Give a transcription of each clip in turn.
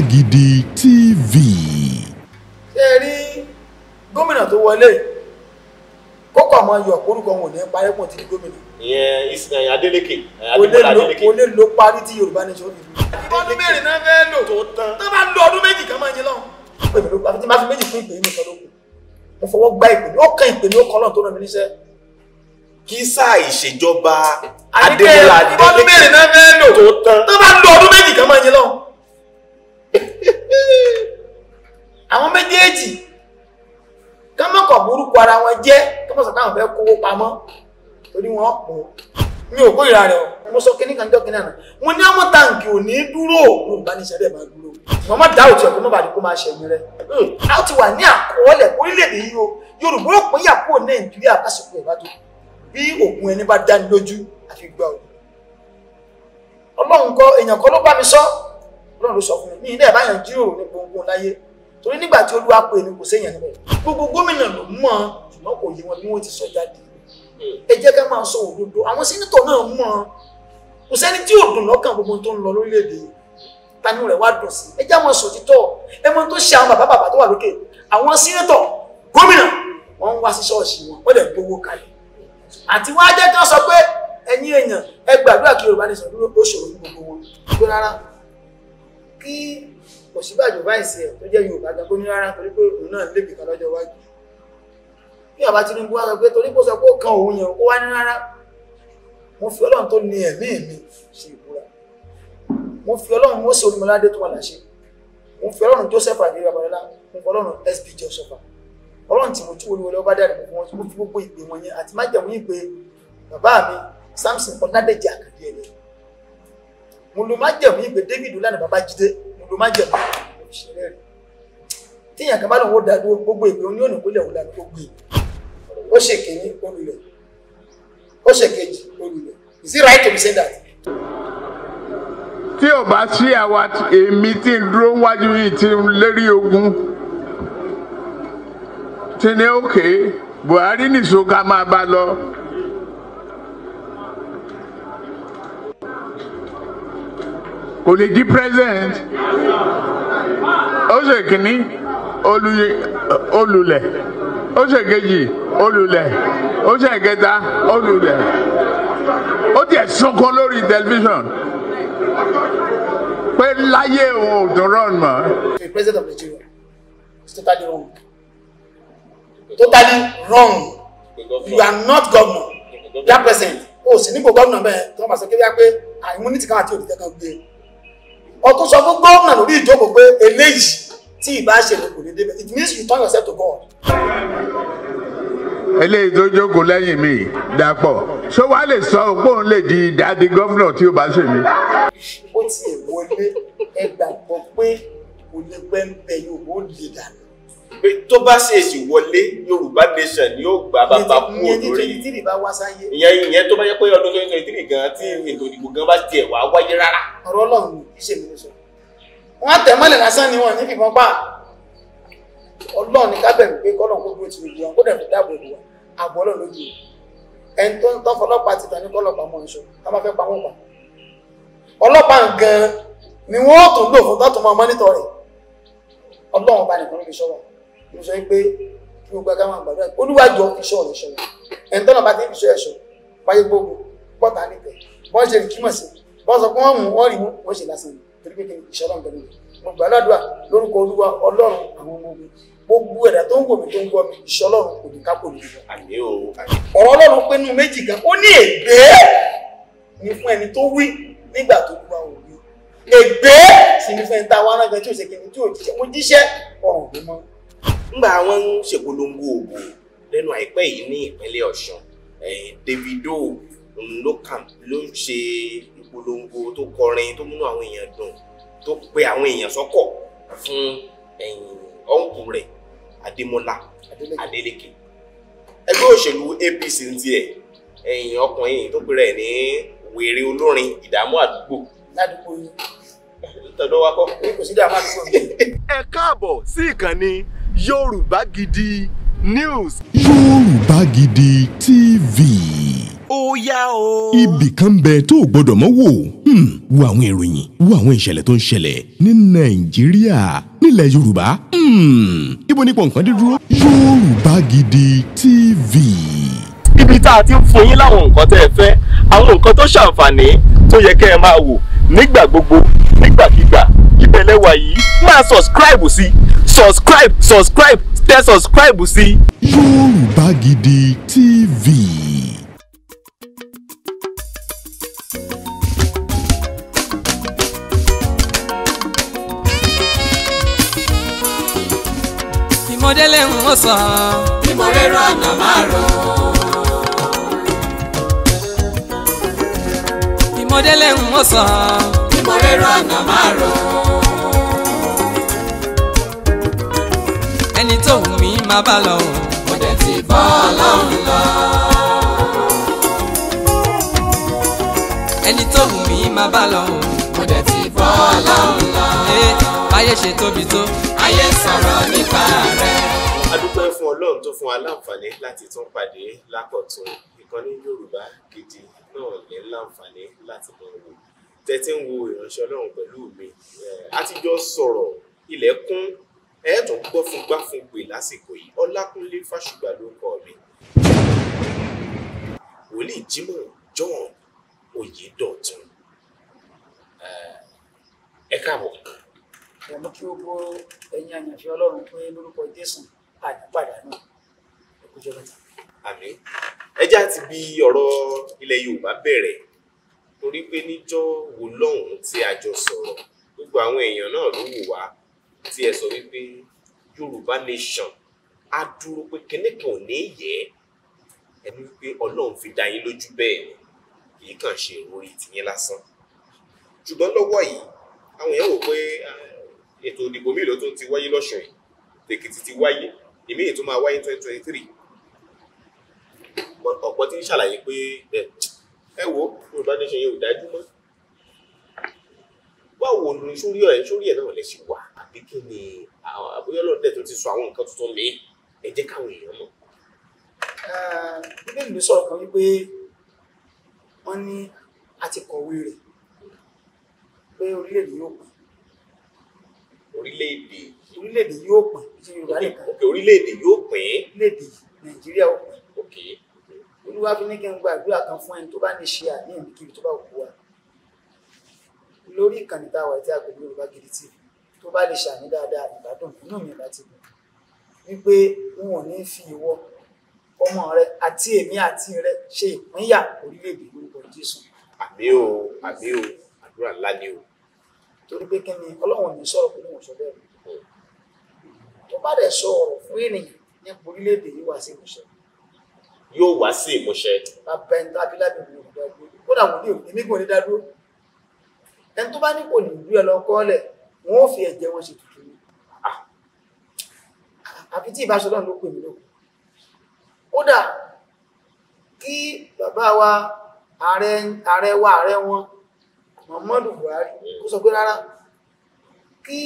Yorùbá Gidi TV. ṣé ẹ rí gómìnà tó wọlé kókò àwọn ayọ̀ orúkọ wọn ò ní parí pọ̀ tí ní gómìnà. ìyẹn eh, Adeleke eh, Adébọ́lá Adeleke. kò lè lo parí tí Yorùbá ní sọ́ọ̀bì. ọdún mẹ́rin náà fẹ́ lò tó tán tó bá lo ọdún méjì kan máa yín lọ́hùn. pèmí ló pa àfi tí máa fi méjì fún ìpè mi sọdọ́kù mo fọwọ́ gbá ìpè mi ó kan ìpè mi ó kọ́ lọ́n tó rán mi níṣẹ́. kí sáà ìṣèjọba Adeleke ọdún mẹ́rin náà fẹ́ lò tó tán tó bá lo ọdún méjì kan máa yín lọ́hùn àwọn méjèèjì kọ́mọ̀kọ̀ burúkú ara wọn jẹ́ kọ́mọ̀sọ̀ káwọn fẹ́ kówó pamọ́ torí wọn pọ̀ mi ò kó ìra rẹ̀ o mo sọ kíní kan jọ́ kíní àná mo ní àwọn táǹkì ò ní dúró òun bá ní ìṣẹ̀lẹ̀ máa dúró mo má dá òtí ọkọ̀ mọ́bàdí kó máa ṣẹ̀yìn rẹ̀ hmm. a ti wà ní àkọọ́lẹ̀ orílẹ̀-èdè yìí o Yorùbá ò pín yàpò Nàìjíríà lásìkò ìbádọ́ bí òkun ẹni bá dáni lójú àfi gbà òdu Ọlọ́run kọ èèyàn kọ́ ló bá mi sọ ọlọ́run ló sọ fún mi ní ilé ẹ̀bá yàn jíròrò ní gbogbo láyé torí nígbà tí olúwa pè ní kò séèyàn níbẹ̀ gbogbo gómìnà ló mọ̀ ṣùgbọ́n kò yé wọn bí wọ́n ti sọ jáde ẹ jẹ́ ká máa sọ òdodo àwọn sẹ́nitọ̀ náà mọ̀ kò sẹ́ni tí ò lọ́kàn gbogbo tó ń lọ lórílẹ̀‐èdè tani rẹ̀ wá dùn sí ẹ jẹ́ àwọn sòtítọ́ ẹ mọ tó ṣe àwọn bàbá bàbá tó wà lókè àwọn sẹ́nitọ̀ gómìnà wọ́n wá sí ṣọ́ọ̀ṣì wọn wọ́n dẹ̀ gbowó kalẹ̀ àti wọ́n á jẹ́ kí wọ́n sọ pé ẹ̀yin èèyàn ẹ gbàdúrà kí Yorùbá ní sọ̀rọ̀ lóṣòro gbogbo wọn gbogbo rárá kí Ọ̀ṣínbàjò bá ìsẹ̀ tó jẹ́ Yorùbá gan gómìnà rárá torí pé òun náà lè bìkan lọ́jọ́ iwájú bí àbá Tinubu wá sọ pé torí pé ó sọ pé ó kan òun yẹn ó wá ní rárá mo fi Ọlọ́run tó ní ẹ̀mí mi ṣe ìbúra mo fi Ọlọ́run mo ṣe olùmọ̀ládé tó wà láṣẹ mo fi Ọlọ́run Joseph àdé Babalọ́lá mo fi Ọlọ́run SP Joseph Ọlọ́run tí mo tí olúwo lọ́wọ́ bá dàrí mo fi wọn mo fi gbogbo ìpè wọn yẹn àti májẹ̀mú ìpè bàbá mi Samson Ọ̀nàdẹ̀jẹ̀ àkàndé ẹ̀lẹ́yìn mo lo májẹ̀mú ìgbé David lánàá bàbá jíde mo lo májẹ̀mú òṣèré rẹ̀ tíyàn kan bá lọ́wọ́ gbogbo ìpè oní ònà kólẹ̀ òun lànà gbogbo ìpè ó ṣe kìíní olùlẹ̀ ó ṣe kejì olùlẹ̀ is it right to be saying that. tí ò bá sí àwa èmi tí ń dúró wájú yìí tí ń lérí ogun tí ní òkè Buhari nìṣó ká máa bá lọ. kò lè jí president ó ṣe kínní olùlẹ̀ ó ṣe kejì olùlẹ̀ ó ṣe kẹta olùlẹ̀ ó tiẹ̀ sunkún lórí tẹlifíṣàn pé láyé òun the president of Nigeria totally wrong totally wrong you are not governor that president o sì ní kò gómìnà bẹ́ẹ̀ tí wọ́n bá sọ kébíyá pé àìmúnítì kan àti òdìtẹ́ kan gbé e ọtún sọ fún gómìnà lórí ìjókòó pé eléyìí tí ìbá ṣe ló kò lè débẹ̀ it means you turn yourself to God. eléyìí tó jókòó lẹ́yìn mi dàpọ̀ ṣó wàá lè sọ òpóun lè di dáàdi gómìnà tí ó bá ṣe mí. ó ti wọlé ẹgbàgbọ́ pé kò lè pẹ́ yóò ó lè dànù pé tó bá ṣèèṣì wọlé yorùbá nation ni ó gba bàbá kú olórí ìyẹn ìyẹn tó bá yẹ pé ọdún twenty twenty three gan tí ètò ìdìbò gan bá tiẹ̀ wá wáyé rárá. ọ̀rọ̀ ọlọ́run iṣẹ́ mi ló sọ wọ́n á tẹ̀ mọ́lẹ̀ lásán ni wọ́n ní fìbọn pa ọlọ́run ní ká bẹ̀rù pé kọ́lọ́run kó dúró ti gbogbo wọn kó dẹ̀ fi dáàbò bò wọn àbọ̀ ọlọ́run lójú ẹni tó ń tọ́ fọlọ́pàá ti tàn ní kọ́lọ́pàá mọ́ ìṣó mo sọ pé kí o gba ká máa gbàdúrà olúwàjọ iṣẹ́ ọ̀rọ̀ ṣọlá ẹni tọ́nà bá ti fi iṣẹ́ ẹ̀ṣọ́ wáyé gbogbo bọ́ta níbẹ̀ bọ́n ṣe kí mọ̀ sí bọ́n sọ pé wọ́n mú wọ́n rí mú wọ́n ṣe lásán torí pé kí iṣẹ́ ọlọ́run tẹ̀lé mo gbà ládùúgbà lórúkọ olúwa ọlọ́run àwọn ọmọ ogun gbogbo ẹ̀dá tó ń wò mí tó ń gbọ́ mi iṣẹ́ ọlọ́run kò ní kápò nìyí. ọ̀rọ̀ nígbà tó wá òun ègbé sì ni fún ẹni tá a tí ò ṣe kí ni tí ò jíṣẹ́ ọ̀rùn ló mọ́ ńgbà wọn ń ṣèpolongo òbò lẹ́nu àìpẹ́ yìí ní ìpínlẹ̀ Ọ̀ṣun Davido ló kàn ló ń ṣe ìpolongo tó kọrin tó múnú àwọn èèyàn dùn tó pe àwọn èèyàn sọ́kọ̀ fún ọ̀nkù rẹ̀ Adémọ́lá Adélékè ẹgbẹ́ òṣèlú APC ń tiẹ̀ ẹ̀yìn ọkùnrin tó pe rẹ̀ ní wèrè olórin ìdààmú àdúgbò ládùúgbò yìí tọ̀dọ̀ wa kọ́ kò sí ẹ káàbọ̀ sí ìkànnì Yorùbá Gidi News. Yorùbá Gidi TV. ó yá o. ibì kan bẹ tó o gbọ́dọ̀ mọ̀ wò hmm, wo àwọn ìròyìn wo àwọn ìṣẹ̀lẹ̀ tó ń ṣẹlẹ̀ ní Nàìjíríà nílẹ̀ Yorùbá hmm, ibo nípò nǹkan dé dúró. Yorùbá Gidi TV. ibi tá a ti ń fún yín láwọn nǹkan tẹ́ ẹ fẹ́ àwọn nǹkan tó ṣàǹfààní tó yẹ kẹ́ ẹ máa wò nígbà gbogbo nígbàkigbà ìbẹ̀lẹ̀ wàyí máa subscribe sí i subscribe subscribe tẹ subscribe sí. Yorùbá Gidi TV. ìmọ̀délé ń wò sàn. ìmọ̀rẹ́rọ ọ̀nà márùn-ún. ìmọ̀délé ń wò sàn. ìmọ̀rẹ́rọ ọ̀nà márùn-ún. ẹni tó wù mí máa bá lọ. mo dẹ̀ ti bọ́ ọlọ́run lọ. ẹni tó wù mí máa bá lọ. mo dẹ̀ ti bọ́ ọlọ́run lọ. ẹ eh, ayé ṣe tóbi tó. ayé sọ̀rọ̀ nípa rẹ̀. a fún ọlọ́run tó fún wa láǹfààní láti tún pàdé lákọ̀tún ìkànnì yorùbá gidi náà ní láǹfààní láti mọ wò tẹ́tí ń wo ìránṣẹ́ ọlọ́run pẹ̀lú mi eh, a ti jọ sọ̀rọ̀ ẹ tó ń gbọ́ fún gbáfúngbè lásìkò yìí ọlákúnlé fásùgbà ló ń kọ́ mi. wòlíì Jimoh John Oyèdọ̀tun ẹ káàbọ̀. ìyàmú kí o bó ẹ̀yin àyànfẹ́ ọlọ́run pé lórúkọ jésù àdìpàdà náà ẹ kú jọba ta. àmín ẹjẹ́ àti bí ọ̀rọ̀ ilẹ̀ yorùbá bẹ̀rẹ̀ torí pé níjọ́ wo lọ́hùn-ún tí a jọ sọ̀rọ̀ gbogbo àwọn èèyàn náà ló wò wá tí ẹ sọ wípé yorùbá nation á dúró pé kíní kan ò ní yẹ ẹ ní wípé ọlọ́run fi dá yín lójú bẹ́ẹ̀ ni kì í kàn ṣe ìròrí tìyín lásán ṣùgbọ́n lọ́wọ́ yìí àwọn èèyàn wò pé ètò ìdìbò míì ló tún ti wáyé lọ́sùn yìí tèkìtì ti wáyé èmi ètò máa wáyé twenty twenty three ọ̀pọ̀ ti ń ṣàlàyé pé ẹ wo yorùbá nation yẹn dájú mọ́ báwo ni sórí ẹ̀ sórí ẹ̀ náà lè ṣe wà àbí kí ni àbúyọ́ náà dẹ̀ tó ti sọ àwọn nǹkan tuntun mi ẹ jẹ́ káwọn èèyàn mọ̀. bíbélì mi sọ̀rọ̀ kan wípé wọ́n ní a ti kọ̀wé rẹ̀ pé orílẹ̀-èdè yóò pín. orílẹ̀-èdè. orílẹ̀-èdè yóò pín ìṣe Yorùbá nìkan. ok orílẹ̀-èdè yóò pín. orílẹ̀-èdè Nàìjíríà ó pín. ok olúwa fi ní kí n gba àdúrà kan fún ẹni tó bá ní ṣe àní ìbíkíbi tó bá wù wá lórí ìkànnì tá a wà tí a pè ní Yorùbá Gidi TV tó bá lè ṣàmì dáadáa ìgbádùn inú mi láti dùn wípé wọn ò ní fi ìwọ ọmọ rẹ àti èmi àti rẹ ṣe ìpínyà orílẹ̀-èdè lórúkọ Jésù. àmì o àmì o àdúrà ńlá ni o. torí pé kí ni Ọlọ́run ní sọ̀rọ̀ pé wọ́n sọ bẹ́ẹ̀ tó bá dẹ̀ sọ ọ̀rọ̀ fún ènìyàn nípa orílẹ̀-èdè yìí wá sí ìmúṣẹ. yóò wá sí ìmúṣẹ. bàbá ẹni tó abilábẹ̀ mi ò dá dúró kódà wòlíì èmi kò ní dá dúró ẹni tó bá ní kò ní ìlú ẹ lọ kọ́ ọ́lẹ̀ wọ́n fi ẹ̀jẹ̀ wọn ṣe tuntun ní ah. àbí tí ìbáṣọ́lọ́n ló pè mí lókun kódà kí bàbá wa ààrẹ wa ààrẹ wọn Muhammadu Buhari kó sọ pé rárá kí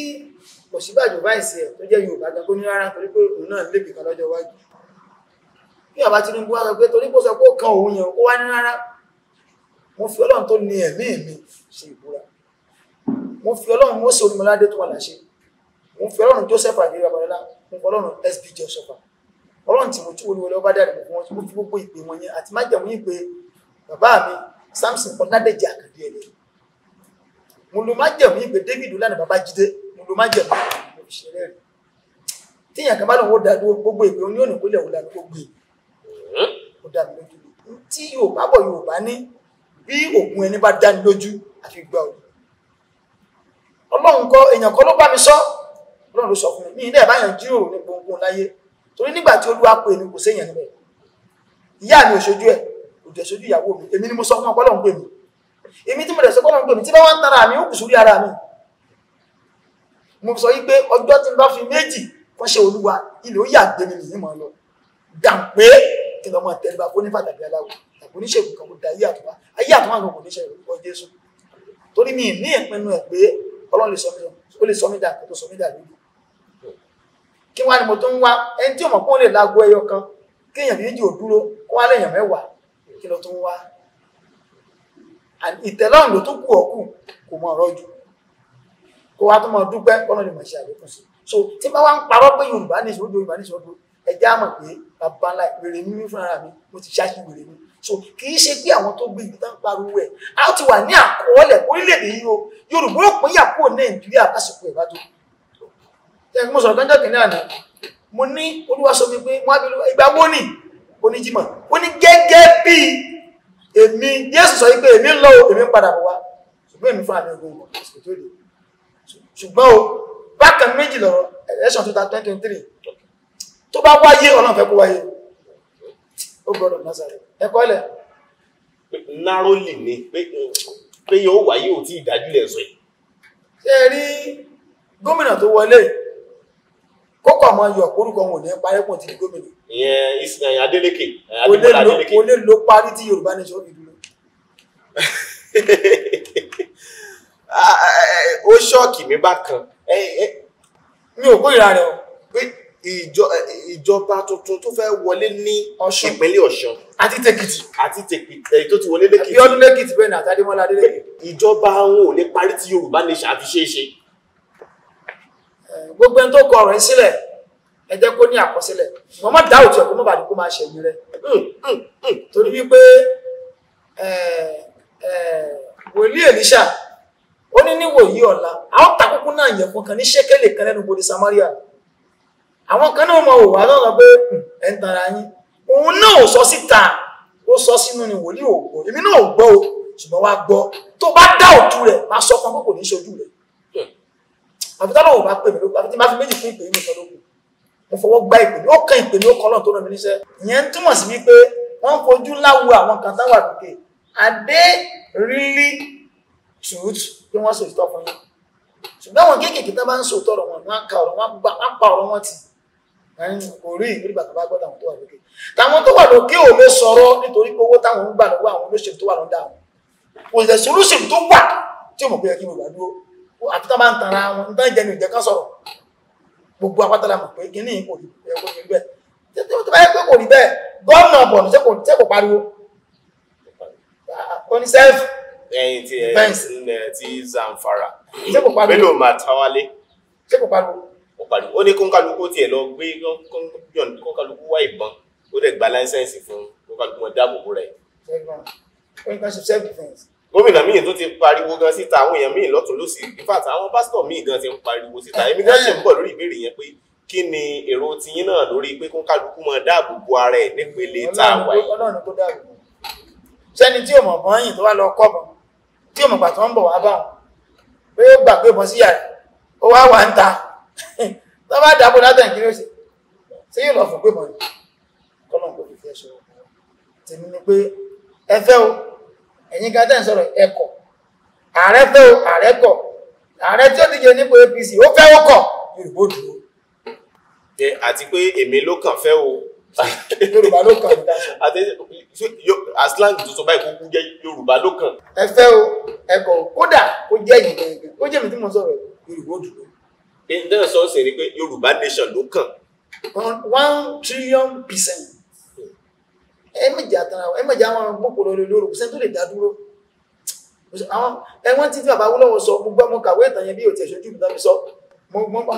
Ọ̀ṣínbàjò báyìí ẹ̀ tó jẹ́ Yorùbá gan kó ní rárá torí pé òun náà lè bìkan lọ́jọ́ iwájú kí bàbá Tinubu wá sọ pé torí kó sọ pé ó kan òun yẹn kó wá ní rárá mo fi Ọlọ́run tó ní ẹ̀mí mi ṣe ìbúra mo fi ọlọ́run mo ṣe olùmọ̀ládé tó wà láṣẹ mo fi ọlọ́run Joseph àdéhùn abọ́lá mo fi ọlọ́run sb joseph ọlọ́run tí mo tí olúwọlé ọba dàrí mo fi gbogbo ìpè wọn yẹn àti májẹ̀mú ìpè bàbá mi Samson ọ̀nàdẹ̀jẹ̀ àkàdé ẹ̀ mo lo májẹ̀mú ìpè David lánàá bàbá jídé mo lo májẹ̀mú mo fi ṣe rẹ́rìn tíyàn kan bá lòun ó da dúró gbogbo ìpè oní òní kó lè wò tí ọlọ́run kọ́ èèyàn kọ́ ló bá mi sọ ọlọ́run ló sọ fún mi ilé ẹ̀bá yàn jíròrò ní gbogbo láyé torí nígbà tí olúwa pè mí kò séèyàn níbẹ̀ ìyá mi ò ẹ̀ òjò ìyàwó mi èmi ni mo sọ fún ọpọlọ ń pè mí èmi tí mo dẹ̀ sọ pọlọ ń pè mí tí bá wá ń tara mi ó kù sórí ara mi mo sọ yí pé ọjọ́ tí n bá fi méjì kọ́ ṣe olúwa ilé ó yàgbé mi nìyí mọ̀ lọ dàpé kí lọ́mọ tẹ̀lébà kó ní pàtàkì aláwọ̀ tàbí oníṣègùn kan kó da ayé àtúwá ayé àtúwá kan Jésù torí mi ní ìpinnu ẹ̀ pé ọlọ́run lè sọ mí ó lè sọ mí dà kó tó sọ mí dà lórí kí wá ni mo tó ń wá ẹni tí ò mọ̀ pé ó lè lágo ẹyọ kan kí èèyàn méjì ò dúró kó wá lẹ́yìn mẹ́wàá kí ló tó ń wá ìtẹ́lọ́run ló tó kù ọ̀kù kò mọ ọ̀rọ̀ jù kó wá tó mọ dúpẹ́ ọlọ́run mọ̀ ṣe àlékún sí so tí bá wá ń parọ́ pé yorùbá ní ìṣòro yorùbá ní ìṣòro ẹjẹ́ àmọ̀ pé bàbá ńlá wèrè so kì í ṣe pé àwọn tó gbé ìgbà ń pariwo ẹ̀ a ti wà ní àkọọ́lẹ̀ orílẹ̀-èdè yìí o Yorùbá ó pín yàpò Nàìjíríà lásìkò ìbájọ́ ẹni mo sọ̀rọ̀ gánjọ́ kìnìún àná mo ní olúwa sọ mi pé wọ́n á bí ìgbà wo ni oníjìmọ̀ ó ní gẹ́gẹ́ bí èmi Jésù sọ pé èmi ń lọ èmi ń padà bọ̀ wá ṣùgbọ́n èmi fún àmì ogun àsìkò tó dé ṣùgbọ́n o bákan méjì lọ́rọ̀ election 2023 tó bá wáyé Ọlọ́run fẹ́ kó wáyé ó gbọ́dọ̀ Nazareth ẹkọ́lẹ̀ narrowly ni pé yóò wáyé ò tí ìdájúlẹ̀ sọ yìí ṣe rí gómìnà tó wọlé kókò àmọ́ yọ orúkọ wọn ò ní parẹ́kùn ti di gómìnà ìyẹn eh, eh, Adeleke kò lè lo parí tí Yorùbá nation fi dúró ah, eh, ó ṣọ́ọ̀kì mi bá kan mi ò kórìíra ìjọba tuntun tó fẹ́ wọlé ní ìpínlẹ̀ ọ̀ṣun àti tèkìtì àti tèkìtì èyí tó ti wọlé lẹ́kìtì àbíọ́dún lẹ́kìtì bẹ́ẹ̀ ni àtàdémọ́lá adélẹ́kìtì. ìjọba wọn ò lè parí tí yorùbá nation àfi ṣeé ṣe. gbogbo ẹni tó kọ ọ̀rọ̀ yín sílẹ̀ ẹ jẹ́ kó ní àkọsílẹ̀ wọn má dá òtún ẹ̀kọ́ mọ́bàdí kó máa ṣẹ̀yìn rẹ̀ hmm, hmm, hmm. torí wípé wòlíì èlíṣà ó ní níwòyí ọ̀la àwọn tàkùkù náà yẹ̀kùn kan ní ṣẹ́kẹ́lẹ̀ kan lẹ́nu gbòdì samaria àwọn kan náà mọ̀ wà lọ́rọ̀ pé hmm, ẹ̀ntàrà yín òun náà ò sọ síta ó sọ sínú ni wòlíì ò gbọ́ èmi náà ò gbọ́ o ṣùgbọ́n wá gbọ́ tó bá dá òtú rẹ̀ máa sọ fún akókò ní ṣojú rẹ̀ àfitálọ̀ ò bá pè mí lókun àfití máa fi méjì fún ìpè mi kan lókun mo fọwọ́ gba ìpè mi ó kan ìpè mi ó kọ́ lọ́n tó rán mi níṣẹ́ ìyẹn ń túmọ̀ sí wípé wọ́n fojú láwo àwọn kan táwà lókè adé rílí tùútù bí wọ́n sòtítọ́ fún yín ṣùgbọ́n àwọn kéékèèké tá bá ń sòtọ́ ọ̀rọ̀ wọn wọn á pa ọ̀rọ̀ wọn tì kò rí ìrírí bàtà bá gbọ́dọ̀ àwọn tó wà lókè táwọn tó wà lókè ò lè sọ̀rọ̀ nítorí pé owó táwọn ń gbà lọ́wọ́ àwọn olóṣèlú tó wà lọ́dà àwọn kò sì tẹ̀sí olóṣèlú tó wà tí òmò pé ẹkí bàbá dúró àti tá bá ń tara wọn nítorí jẹ́ ní ìjẹ́ kan sọ̀rọ̀ gbogbo apátálà mọ̀ pé kíní kò rí ẹkọ rí bẹ́ẹ̀ tó bá yẹ pé kò rí bẹ́ẹ̀ gọ́ọ̀nà ọ̀bọ̀n tẹ́ kò pariwo oníṣẹ́f ẹyin ti ẹ ti Zamfara Bello Matawalle tẹ́ kò pariwo ó ní kóńkálukú tiẹ̀ lọ gbé kóńkálukú wá ìbọn ó dẹ̀ gba láńsẹ̀nsì fún kóńkálukú wọn dáàbò bò rẹ̀. gómìnà míì tó ti pariwo gan síta àwọn èèyàn míì lọ́tún lọ́sì in fact àwọn pásítọ̀ míì gan ti ń pariwo síta èmi gan ṣe ń bọ̀ lórí ìbéèrè yẹn pé kí ni èrò tiyín náà lórí pé kóńkálukú máa dáàbò bo ara ẹ̀ nípele tá a wáyé. ọlọ́run kó dáàbò bò sẹ́ni tí òmò bọ́n yìn tó wá lọ kọ́ bọ́n tí òmò gbà tó ń bọ̀ wá bọ́n pé ó gbàgbé bọ́n síyà rẹ̀ ó wá wà ń ta tó bá dàbò látàn kí ló ṣe ṣé yóò lọ fún pé mọ̀lẹ́ kọ́nà kò fi fi ẹ̀ṣọ́ tèmi ni pé ẹ fẹ́ o ẹ̀yin kan tẹ̀ ń sọ̀rọ̀ ẹ̀kọ́ ààrẹ fẹ́ o ààrẹ kọ̀ ààrẹ tí ó díje nípò APC ó fẹ́ ó kọ̀ yorùbá dúró. àti pé èmi ló kàn fẹ́ o yorùbá ló kàn ní dáṣọ. aslan tó sọ báyìí kó kú jẹ́ yorùbá ló kàn. ẹ o ẹ̀kọ́ kódà kó jẹ́ yìí kó jẹ́ mi tí mo sọ̀rọ̀ yorùbá dúró ìdáná sọ sí ni pé yorùbá nation ló kàn. one trillion percent ẹ méjì àtàrà ẹ méjì àwọn gbókòrò lórí kò sẹ́ni tó lè dá dúró àwọn ẹwọ́n tí bàbá wúlọ́wọ́ sọ gbogbo ọmọ kàwé ìtàn yẹn bí òtí ẹ̀ṣọ́jú mi tàbí sọ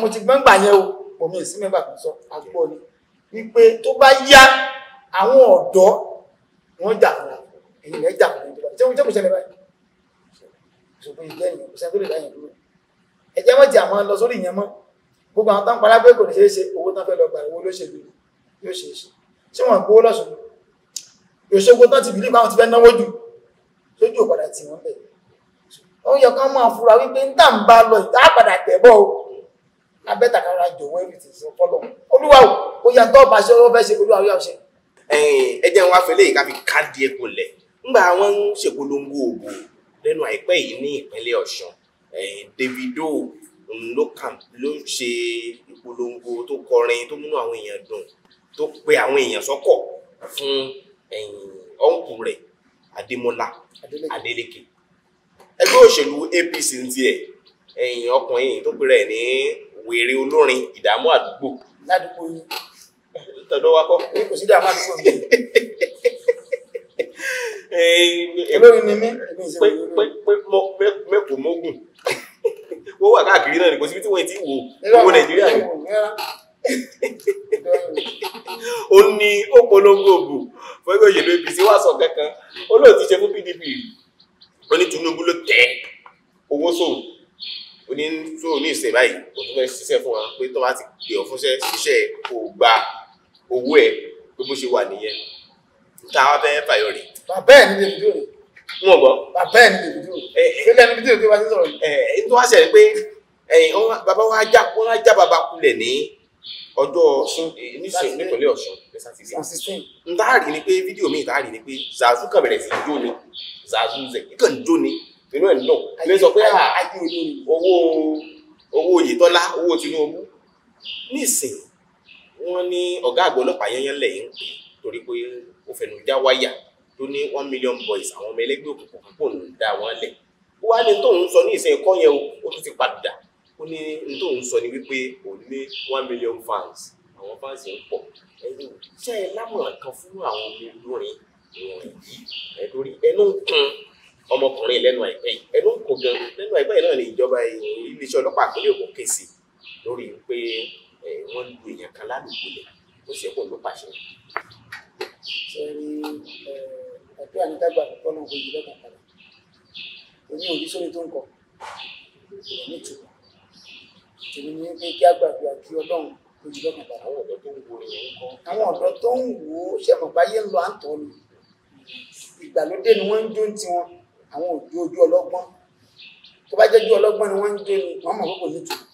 mo ti gbọ́ngbà yẹn o pọ̀ mi sí mẹ́bà kan sọ àgbọ̀ ni wípé tó bá yá àwọn ọ̀dọ́ wọn jà fúnra ẹ̀yìn rẹ̀ jà fúnra ìjọba tí wọ́n jẹ́ kò ṣẹlẹ̀ báyìí ṣùgbọ́n ìjẹ́ ìyẹn kò sẹ́ni tó lè dá yẹn dúró ẹjẹ́ wọ́n jẹ́ àwọn lọ sórí ìyẹn mọ́ gbogbo àwọn tán pará pé kò ní ṣe é ṣe owó tán fẹ́ lọ gbà owó lóṣèlú yóò ṣe é ṣe ṣé wọ́n gbówó lọ́sùn ìṣògbó tán ti bìlí báwọn ti fẹ́ náwó jù lójú òpadà tí wọ́n bẹ̀ ó yẹ kán máa fura wípé ń tà ń bá lọ ìta àpàdà tẹ̀bọ̀ o abẹ́tàkàrà jọ̀wọ́ everything sọ fọlọ́ olúwa o ó yẹ tó bá ṣe ó lẹ́nu àìpẹ́ yìí ní ìpínlẹ̀ Ọ̀ṣun Davido ló kàn ló ń ṣe ìpolongo tó kọrin tó múnú àwọn èèyàn dùn tó pe àwọn èèyàn sọ́kọ̀ fún ọ̀nkù rẹ̀ Adémọ́lá Adélékè ẹgbẹ́ òṣèlú APC ń tiẹ̀ ẹ̀yìn ọkùnrin tó pe rẹ̀ ní wèrè olórin ìdààmú àdúgbò ládùúgbò yìí tọ̀dọ̀ wa kọ́ kò sí dààmú àdúgbò yìí olórin ni mí pé mẹ́kùn mọ́gùn wọ́n wà káàkiri náà ní kò síbi tí wọ́n ti wò owó nàìjíríà ni ó ní ó polongo ògùn fún ẹgbẹ́ òṣèlú APC wà sọ kankan ó lóò ti ṣe fún PDP ó ní Tinubu ló tẹ owó sóò ó ní sóò ní ìṣe báyìí kò tún fẹ́ ṣiṣẹ́ fún wa pé tó bá ti pè ọ́ fúnṣẹ́ ṣiṣẹ́ kò gba owó ẹ̀ pé bó ṣe wà nìyẹn tá a wá fẹ́ fàyọ rèé bàbá ẹ̀ ní Davido rẹ̀ n ò gbọ́ bàbá ẹ̀ ní Davido rẹ̀ ṣẹlẹ̀ ní Davido rẹ̀ wá sí sọ̀rọ̀ yìí. tó wá ṣe pé bàbá wa já wọn já bàbá kulẹ̀ ní ọjọ́ ọ̀sùn eh, níṣẹ́ nípínlẹ̀ Ọ̀ṣun n tá a rí ni pé fídíò mi tá rí ni pé Zazu kan bẹ̀rẹ̀ sí jó ni Zazu zẹ̀ kíkan jó ni inú ẹ̀ ń dùn lè sọ pé ah, owó owó Oyètọ́lá owó Tinubu nísìn wọn ní ọ̀gá àgbọ̀ ọlọ́pàá yẹn yẹn lẹ̀ ń pè torí pé ó fẹnu já wáyà ló ní one million boys àwọn ọmọ ẹlẹ́gbẹ́ òkùnkùn púpọ̀ ń dá wọn lẹ̀ ó wá ní tóun sọ ní ìsìn ẹ̀kọ́ yẹn ó tún ti padà ó ní tóun sọ ní wípé òun ní one million fans àwọn fans ń pọ̀ ẹ̀yìn jẹ́ ẹ lámọ̀ràn kan fún àwọn ọmọ olórin ìwọ̀n yìí ẹ̀dórí ẹnu ń kun ọmọkùnrin lẹ́nu àìpẹ́ yìí ẹnu ń kun gan lẹ́nu àìpẹ́ yìí náà ni ìjọba iléeṣẹ́ ọlọ́pàá àpẹẹrẹ òkú kèsì lórí pé wọ́n lu èèyàn kan lálùkulẹ̀ ó ṣe kó ló pàṣẹ. ṣe rí ẹ pé àníkágbà àkọ́kọ́ náà kò yí lọ́kàn padà oní òbí sórí tó ń kọ ìrẹ̀ ní ìtumọ̀ tèmi ní pé kí àgbàgbà kí ọlọ́run kò yí lọ́kàn padà. àwọn ọ̀dọ́ tó ń wo rẹ̀ ń kọ́. àwọn ọ̀dọ́ tó ń wo ṣẹ̀mọ̀pá yé ń lọ à ń tọ́ ni ìgbàlódé ni wọ́n ń jó ti wọn àwọn òjò ojú ọlọ́gbọ́n tó bá jẹ́ ojú ọlọ́gbọ́n ni wọ́n ń jó ni wọ́n mọ̀ pé ní ìtumọ̀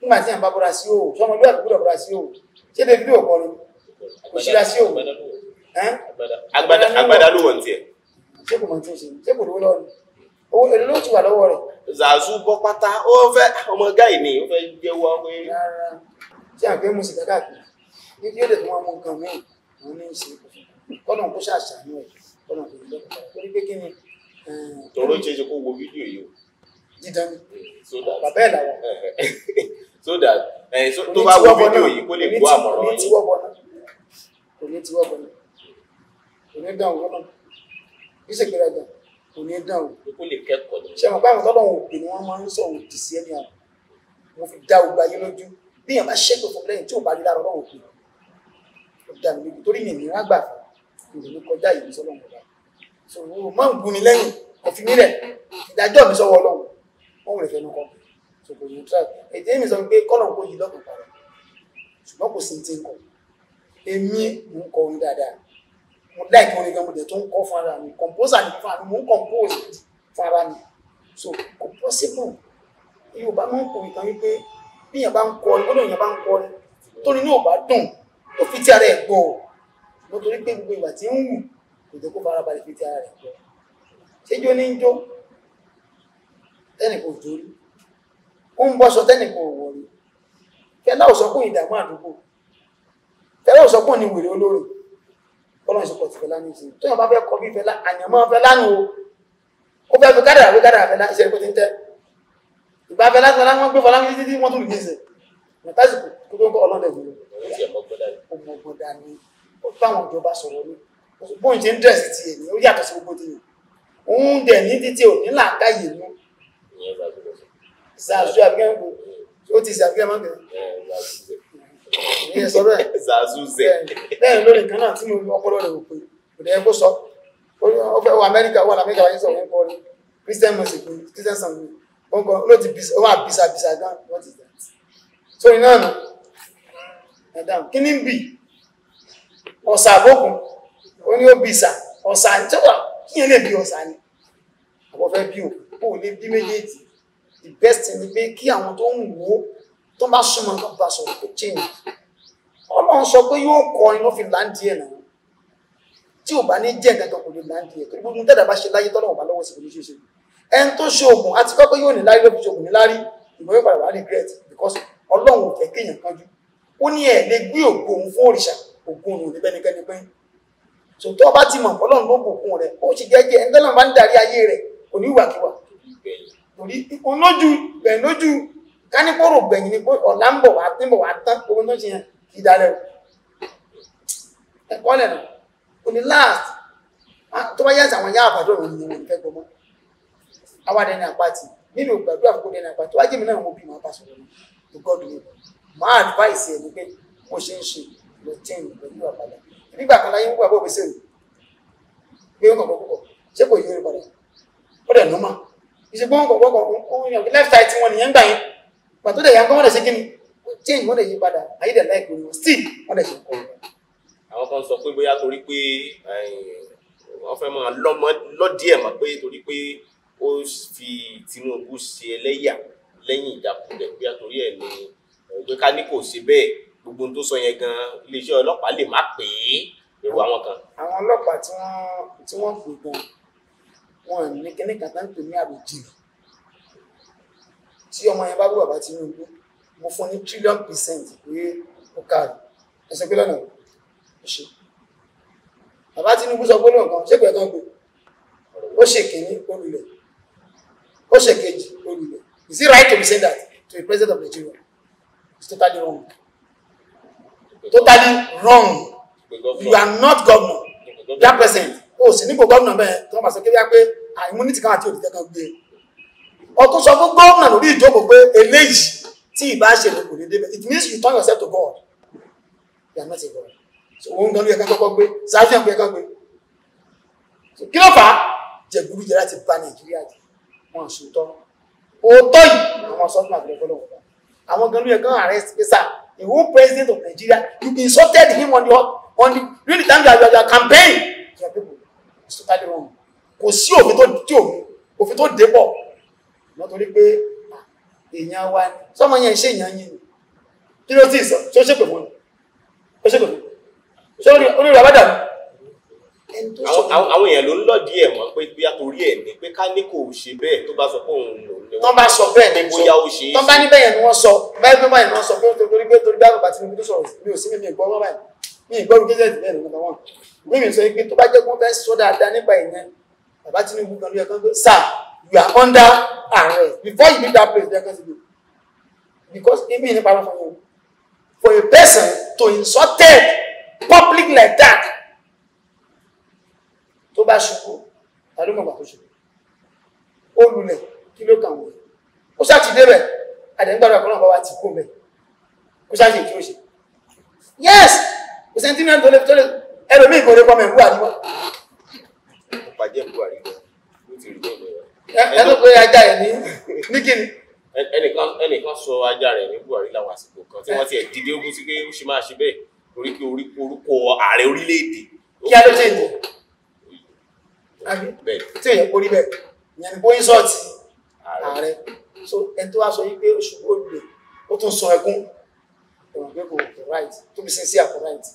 nígbà tí àbá bọ́ra sí òòrùn sọmọlúwà gbọ́dọ̀ bọ́ra sí òòrùn ṣé david ò kọrin kò ṣíra sí òòrùn agbada agbada ló wọ̀n tiẹ̀. ṣé kò mọ̀ tí ó ṣe ṣé kò lówó lọ́wọ́ ni owó èlò ló ti wà lọ́wọ́ rẹ̀. zazu bọ́ pátá ó fẹ́ ọmọ gáì ni ó fẹ́ jẹ́wọ́ pé. rárá ṣé àgbẹ̀ mu sì kàkà kì í yóò lè tún wọn mú nǹkan míì wọn ní í ṣe kọ́nà kó ṣàṣàyàn ẹ̀ kọ́nà kò ní lọ́kọ̀ọ́ torí pé kí ni. tọrọ ṣe ṣe kó wo fídíò yìí o dídán so that bàbá ẹ̀ làwọn. so that tó bá wo fídíò yìí kó lè gbọ́ àmọ̀ràn yìí. kò ní kò ní tiwọ́ bọ̀ náà kò ní dáhùn lọ́nà iṣẹ́ ìgbéraga kò ní dáhùn. kó lè kẹ́kọ̀ọ́ ni. ṣé àwọn báwọn tọ́lọ̀ wọn òpè ni wọ́n máa ń sọ òun dì sí ẹni àwọn mo fi dá ogun ayé lójú bí èèyàn bá ṣẹ́gun fún lẹ́yìn tí ò bá rí lára ọlọ́run òpè ó dà mí lójú torí mi ìnira gbà ìrònú kọjá ìlú sọ́lọ́run ọ̀la ṣòro máa ń gún mi lẹ́yìn òfin mi rẹ̀ ìdájọ́ mi sọ́wọ́ ọlọ́run wọ́n rẹ̀ fẹ́nu kọ́ ṣòkò ní tíra èdè mi sọ pé kọ́lọ̀ kó yí lọ́kùn padà ṣùgbọ́n kò sí ti ń kọ èmi ń kọ orin dáadáa like orin gan mo dẹ̀ tó composer ni compose so possible yorùbá máa ń kọ nǹkan wípé bí èèyàn bá ń kọ ọrin ọlọ́run èèyàn bá ń fi ti ara ẹ̀ ọ mo torí pé gbogbo ìgbà tí ń wù ti ara rẹ̀ gbọ́ ṣéjó ní ń jó tẹ́nì kò jórí ó ń bọ́sọ tẹ́nì ọlọ́run ìṣọ́pọ̀ ti fẹ́lá ní ìsìn tó yàn bá fẹ́ kọ bí fẹ́lá àyànmọ́ fẹ́lá o ó fẹ́ fi kádàrà wí kádàrà fẹ́lá ìṣẹ́ ìpò ti ń tẹ́ ìgbà fẹ́lá ti fẹ́lá wọn gbé fọlá títí tí wọ́n tún lùdí ó ti ń dẹ̀sì ìyẹn sọ bẹ́ẹ̀ Zazuze. bẹ́ẹ̀ lórí nǹkan náà tí mo ọpọlọ rẹ̀ òpè kò dẹ̀ kó sọ ó fẹ́ wọ amẹ́ríkà wọ amẹ́ríkà wáyé sọ wọn kọ ní christian music christian song wọn kọ ló ti bisa wọn àbisa bisa gan what is that so iná nù madam kí ni bì ọ̀sà àbókùn ó ní ó bisa ọ̀sà ìjọba kíyẹn lè bí ọ̀sà ni àwọn fẹ́ bí òkú ó lè bí méjèèjì the best thing ni pé kí àwọn tó ń wò ó tó bá súnmọ́ nǹkan bá sọ̀rọ̀ tó change ọlọ́run sọ pé yóò kọ inú fi láǹdí ẹ̀ náà tí ò bá ní jẹ́ nǹkan kò lè láǹdí ẹ̀ gbogbo ní tẹ́lẹ̀ bá ṣe láyé tọ́lọ́run bá lọ́wọ́ sí ìlú ṣíṣe ẹni tó ṣe oògùn àti kọ́kọ́ yóò ní lárí ló ní lárí ìmọ̀ yóò padà wà regret because ọlọ́run ò fẹ́ kéèyàn kánjú ó ní ẹ̀ lè gbé ògùn òun fún òrìṣà ògùn òun níbẹ̀nikẹ́ni pé so tó bá ti mọ̀ ọlọ́run ló bùkún rẹ̀ ó sì jẹ́jẹ́ ẹni tẹ́lẹ̀ bá ń darí ayé rẹ̀ kò ní ìwàkiwà lójú bẹ̀ lójú ká ní kó rò gbẹ̀yìn ni pé ọ̀la ń bọ̀ wá tí ń bọ̀ wá tán ohun tó ṣe yẹn ìdálẹ̀ o ẹ̀kọ́ lẹ̀ náà ní last tó bá yẹ àwọn yá àbàdo òun ni wọn fẹ́ gbọmọ àwa dẹni àpáti nínú ìgbàdúrà fún dẹni àpáti wájú mi náà wọn bí màá bá sọ̀rọ̀ ní to God will máa advice ẹ̀ ní pé mo ṣe ń ṣe lọ tẹ́yìn pẹ̀lú àpàdà nígbà kan láyé wúwà bọ́ọ̀bù sẹ́yìn pé ó kọ̀kọ̀ púpọ̀ ṣé kò yí orí padà ó dẹ̀ nọ́mà ìṣègbọ́n kọ̀kọ̀ kọ̀kọ̀ ó yàn left side wọn nìyẹn gbà yẹn pàtó dẹ̀ yà kọ́ wọ́n lè ṣe kí ni change wọ́n lè yí padà ayé dẹ̀ láì kúrò still wọ́n lè ṣe kọ́ wọn. àwọn kan sọ pé bóyá torí pé eh, wọ́n fẹ́ máa lọ́mọ lọ́díẹ̀ mọ̀ pé torí pé ó fi Tinubu ṣe ẹlẹ́yà lẹ́yìn ìjákulẹ̀ bóyá torí ẹ̀ ni eh, pé ká ní kò ṣe bẹ́ẹ̀ gbogbo tó sọ yẹn gan iléeṣẹ́ ọlọ́pàá lè má pè é èrò àwọn kan. àwọn ọlọ́pàá tí wọ́n tí wọ́n tí ọmọ yẹn bá gbé bàbá Tinubu mo fún ní trillion percent pé ó káàdì ẹ sọ pé lọ́nà ò ṣe bàbá Tinubu sọ pé lọ́nà kan ṣé pẹ̀lú kan gbé ó ṣe kìíní olùlẹ̀ ó ṣe kejì olùlẹ̀ is it right to be saying that to the president of Nigeria it's totally wrong totally wrong you are not governor that president o sì nípò gómìnà bẹ́ẹ̀ tí wọ́n bá sọ kébíyá pé àìmúnítì ah, kan àti òdìtẹ́ kan gbé e ọtún sọ fún gómìnà lórí ìjókòó pé eléyìí tí ìbá ṣe ló kò lè it means you turn yourself to God you are not a God so òun gan ló yẹ ká kọ́kọ́ gbé sáájú àpò yẹ ká gbé so kí ló fà á jẹ̀gbúrú jẹ láti ba Nàìjíríà jẹ wọn àṣù tọ́ òótọ́ yìí àwọn sọ́dún àgbẹ̀ fọlọ́wọ́ bá àwọn gan ló yẹ kán arrest pé sá the whole president of Nigeria you insulted him on the on the during the time you are you are people is totally wrong kò sí òfin tó òfin tó dé bọ̀ wọ́n torí pé èèyàn wa ni sọ́mọ yẹn ṣe èèyàn yín ni kí ló sì sọ tí ó ṣèpè fún ó ṣèpè fún ṣé orí rẹ̀ bàdà ni. àwọn èèyàn ló ń lọ díẹ̀ mọ̀ pé bí atorí ẹ̀ ni pé ká ní kò ṣe bẹ́ẹ̀ tó bá sọ pé òun lò ní. tán bá sọ bẹ́ẹ̀ ni bóyá ó ṣe é. tán bá ní bẹ́ẹ̀ ni wọ́n sọ báyìí pé báyìí ni wọ́n sọ pé torí pé torí dáàbò bàtí mi tó sọ̀rọ̀ mi ò sí mi mi ìgbọ́ mọ́ báyìí mi ìgbọ́rù kéjẹ́ẹ̀dì bẹ́ẹ̀ ni wọ́n mímì sọ pé tó bá jẹ́ kó fẹ́ sọ dáadáa nípa ìyẹn bàbá Tinubu kan ló yẹ kán pé sáà you are under arrest before you leave that place they can see you because even if I'm for for a person to insulted public like that tó bá ṣubú ta ló mọ̀ gbà tó ṣubú ó lulẹ̀ kí ló kàn wọ̀ ó ṣáà ti débẹ̀ àdéńgbàdàn kan náà bá wa ti kó bẹ̀ ó ṣáà ṣe kí ó ṣe yes kò sẹ́ńtínà tó lè ẹlòmíì kò lè kọ́ mẹ́rin wà níwá ẹnu pé ajá rẹ̀ ní ní kíni. ẹnìkan ẹnìkan sọ ajá rẹ̀ ní Buhari láwọn àsìkò kan tí wọ́n ti ẹ̀ dídé ogun sí pé ó ṣe máa ṣe bẹ́ẹ̀ torí kí orúkọ ààrẹ orílẹ̀-èdè. kí a ló ṣe ìbò tí èèyàn kórí bẹ́ẹ̀ ìyẹn bó ń sọ́ọ̀tì ààrẹ so ẹni tó wá sọ yí pé oṣù olùdó ó tún sọ ẹkún òun pé kò kò right tó fi sin sí àpò right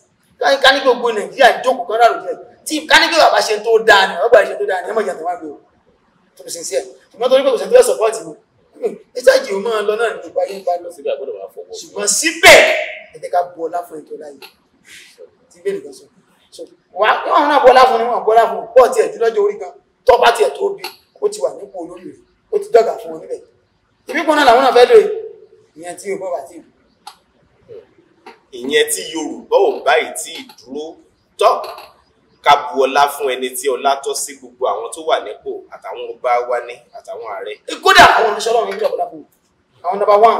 káníkì gbogbo Nàìjíríà jókòó kan rárò jẹ tí káníkì bàbá ṣe tó dáa ni bàbá ṣe tó dáa ni ẹ mọ̀ ìyàtọ̀ wá gbé o to be sincere ṣùgbọ́n torí pé kò sẹ́ńtẹ́ sọ̀pọ́ọ̀tì mi hmm, ìtajì ò máa lọ náà ní ìgbà yín bá lọ ṣùgbọ́n síbẹ̀ ẹ̀jẹ̀ ká bu ọlá fún ètò láyé ti bẹ́ẹ̀ nìkan sọ wà á wọn náà bọ́lá fún wọn bọ́lá fún pọ̀ tiẹ̀ tí lọ́jọ́ orí kan tọ́ bá tiẹ̀ tó bí ó ti wà nípò olómi ó ti dọ́gà fún wọn níbẹ̀ ibi kan náà làwọn náà fẹ́ lè ìyẹn tí yóò bọ́ bá tí ì ìyẹn tí Yorùbá ò báyìí tí ì dúró tọ́ ká bu ọlá fún ẹni tí ọlá tọ́ sí gbogbo àwọn tó wà nípò àtàwọn ọba wa ní àtàwọn ààrẹ. kódà àwọn oníṣẹ́ ọlọ́run ń jọ ọ̀pọ̀lọpọ̀ àwọn nọ́mbà wán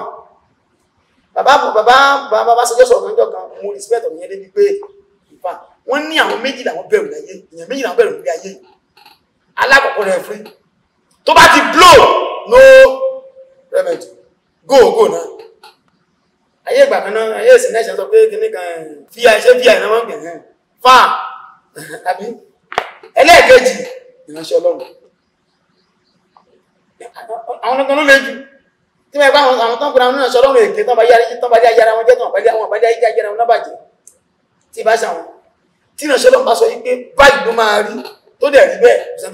bàbá bàbá bàbá bá sọjọ́ sọ̀rọ̀ níjọ kan mo respect ọ̀nà yẹn débi pé ìfà wọ́n ní àwọn méjì làwọn bẹ̀rù láyé èèyàn méjì làwọn bẹ̀rù nílé ayé alákọ̀ọ́kọ́ rẹ̀ fún tó bá ti blow no remedy go go náà ayé ìgbà kan náà ayé ìsìn náà ṣe sọ pé kíní kan fi àìṣe fi àìná wọn gbẹ̀rẹ̀ fáà ẹlẹ́ẹ̀kejì ìránṣẹ́ ọlọ́run àwọn ọ̀gán ló lè tí wọ́n bá àwọn tán kúrò àwọn ìránṣẹ́ ọlọ́run èké tán bá yára wọn jẹ́ tán bá àwọn àbájá yíjá yára wọn lábàjẹ́ tí bá ṣàwọn tí ìránṣẹ́ ọlọ́run bá sọ yí báyìí ló máa rí tó dẹ̀ rí bẹ́ẹ̀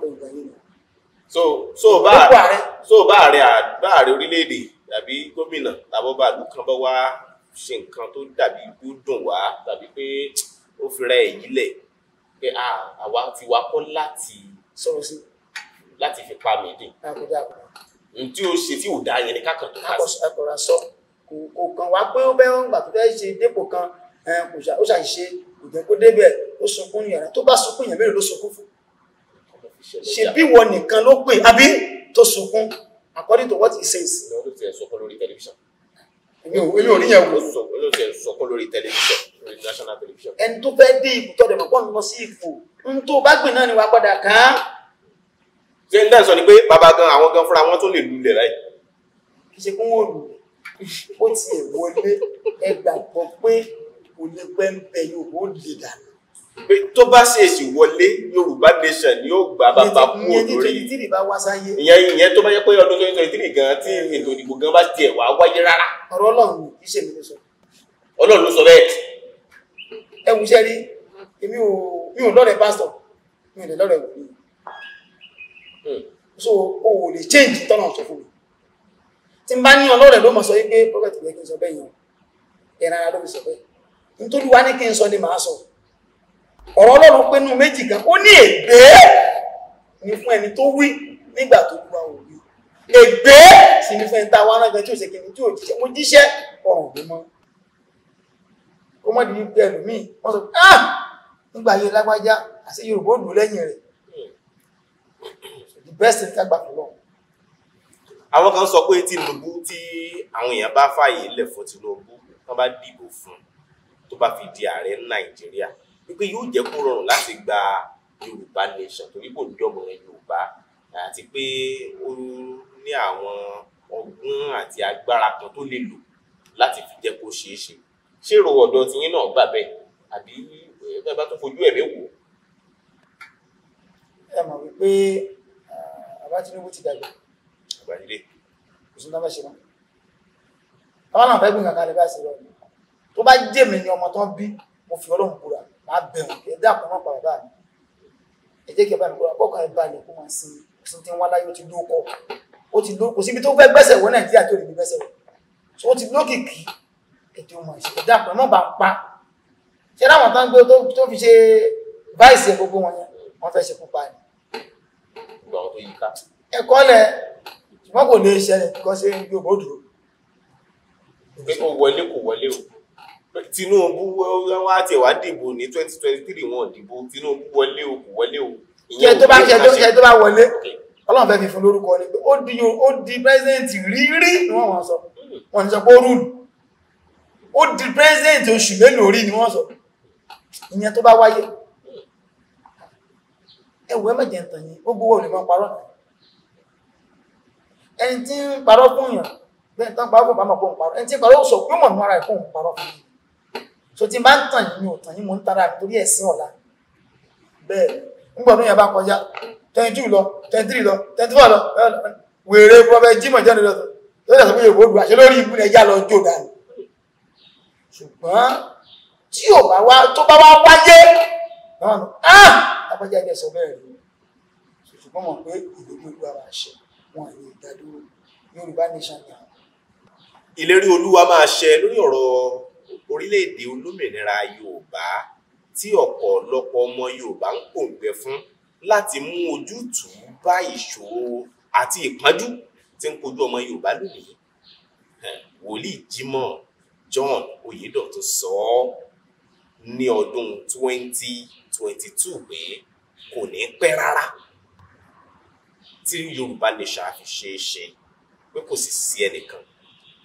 tó lè so so bá so bá ààrẹ bá ààrẹ tàbí gómìnà tàbọ̀bà ìlú kan bá wá ṣe nǹkan tó dàbí tó dùn wá tàbí pé ó fi ra èyí lẹ̀ pé àwa ti wá kọ́ láti sọ̀rọ̀ sí láti fi pa mí dì. n tí o ṣe tí ò dá yẹn ni kákan tó kà sí. kò kàn wá pé ó bẹ́ ń gbà tó fẹ́ ṣe dépò kan ó ṣàṣìṣe kò jẹ́ kó débẹ̀ ó sunkún yàrá tó bá sunkún yàrá mélòó ló sunkún fún. ṣe bí wọn nìkan ló pè àbí tó sunkún according to what he says. No fi ẹ̀sùn kan lórí tẹlifíṣàn. èmi ò níyẹn wò. ló fi ẹ̀sùn kan lórí tẹlifíṣàn lórí national television. ẹni tó fẹ́ dé ibùtọ dẹ̀ mọ̀ pọ̀ ń lọ sí ipò ń tó bá gbìn náà ni wàá padà kàn án. ṣé ń dẹ́sọ̀ ni pé bàbá gan àwọn gan fúnra wọn tó lè lulẹ̀ láì. kì í ṣe kó wọn lù ó tiẹ̀ wọlé ẹgbàgbọ́ pé kò lè yóò pé tó bá ṣèṣì wọlé yorùbá nation ni ó gba bàbá kú olórí ìyẹn ìyẹn tó bá yẹ pé ọdún twenty twenty three gan tí ètò ìdìbò gan bá tiẹ̀ wá wáyé rárá. ọ̀rọ̀ ọlọ́run kì í ṣe mi ló sọ. ọlọ́run ló sọ bẹ́ẹ̀. ẹ wù iṣẹ́ rí èmi ò mi ò lọ́rẹ̀ẹ́ pásítọ̀ mi ò lè lọ́rẹ̀ẹ́ wò mí. Hmm. so o ò lè change tọ́nà sọ fún mi. tí n bá ní ọlọ́rẹ̀ ló mọ̀ sọ yí pé prophet yẹ kí n sọ bẹ́ẹ̀ yẹn ẹ̀ràn ara ló fi ọ̀rọ̀ ọlọ́run pé nú méjì gan ó ní ègbé ni fún ẹni tó wí nígbà tó gbúra ò wí ègbé sì ni fún ẹni tá a wá náà tí ò ṣe kìíní tí ò jíṣẹ́ mo jíṣẹ́ ọ̀rọ̀ ló mọ́ ó mọ̀ ní pé ẹlòmíì wọ́n sọ pé ah nígbà yẹn lágbájá àti Yorùbá ò dùn lẹ́yìn rẹ̀ the best thing kágbà fún lọ. àwọn kan sọ pé Tinubu tí àwọn èèyàn bá fààyè lẹ̀ fún Tinubu wọ́n bá dìbò fún tó bá fi di ààrẹ Nàìjíríà wípé yóò jẹ́ kó rọrùn láti gba yorùbá nation torí kò ní ọmọ rẹ yorùbá àti pé ó ní àwọn ọgbọ́n àti agbára kan tó lè lò láti fi jẹ́ kó ṣeé ṣe ṣé èrò ọ̀dọ̀ tiyín náà gbà bẹ́ẹ̀ àbí bẹ́ẹ̀ bá tó fojú ẹ̀mí wò. ẹ mọ̀ wípé bàbá ti dàgbà àgbàdìde kò sí nọ́fẹ́ ṣe mọ́ àwọn náà fẹ́ gbìyànjú kalẹ̀ bá ṣe lọ tó bá jẹ́ mi ni ọmọ tó ń bí mo fi Ọlọ́run búra máa bẹ̀rù ẹ̀dá àpamọ́ pàdà mi ẹ jẹ́ kí ẹ bá mi kọ́ ọkọ̀ ẹ̀ bá mi kó máa sin sin tí wọ́n láyé ó ti lóko ó ti lóko síbi tó fẹ́ gbẹ́sẹ̀ wọ nàìjíríà tó lè fi gbẹ́sẹ̀ wọ so ó ti lókìkí ètò ìmọ̀ ìṣe ẹ̀dá àpamọ́ bá ń pa ṣé láwọn tó ń gbé tó fi ṣe báyìí gbogbo wọn yẹn wọ́n fẹ́ ṣe pupa ni ẹ̀kọ́ lẹ̀ ṣùgbọ́n kò lè ṣẹlẹ̀ kọ́ sí gbogbo dúró. pé wọlé kò wọlé o. Tinubu wá tiẹ̀ wá dìbò ní twenty twenty three wọn dìbò Tinubu wọlé o kò wọlé o. kí ẹ tó bá ṣe ẹ tó bá wọlé Ọlọ́run fẹ́ẹ́ fi fún lórúkọ ni pé ó di ó di pírẹsidẹǹtì rírí ni wọ́n hmm. wọ́n sọ wọ́n ti sọ pé ó rúùlù ó di pírẹsidẹǹtì oṣù mélòó rí ni wọ́n sọ ìyẹn tó bá wáyé ẹwọ ẹ mẹjẹ ntàn yìí ó gbowó òní máa parọ́ ẹni tí ń parọ́ fún yàn bẹ́ẹ̀ tán parọ́ fún bàmà kó ń parọ́ ẹni tí ń parọ́ sọ pé mọ̀ nípa ara ẹ̀ kó ń parọ́ fún yàn so tí n bá ń tàn yín mi ò tàn yín mo ń tara torí ẹ̀sìn ọ̀la bẹ́ẹ̀ ń gbọ́dọ̀ yẹn bá kọjá twenty two lọ twenty three lọ twenty four lọ wèrè prọfẹ jimoh jẹ́ nìyẹn tó dàgbé yòówó dùn àṣẹ lórí ibú nàìjíríà lọ jò dànù ṣùgbọ́n tí ò bá wá tó bá wá wáyé náà nù áà lápájá ẹgbẹ́ sọ bẹ́ẹ̀ rí ṣùgbọ́n mọ̀ pé ìlérí olúwa máa ṣẹ wọn àyè ìdádúró Yorùbá nation ni àwọn. ìlérí olúwa máa ṣẹ lórí ọ̀rọ̀ orílẹ̀-èdè olómìnira Yorùbá tí ọ̀pọ̀lọpọ̀ ọmọ Yorùbá ń pòǹgbẹ fún láti mú ojútùú bá ìṣòro àti ìpọ́njú tí ń kojú ọmọ Yorùbá lónìí wòlíì Jimoh John Oyedotun sọ ọ́ ní ọdún 2022 pé kò ní pẹ́ rárá tí Yorùbá lè ṣàfiṣeéṣe pé kò sì sí ẹnìkan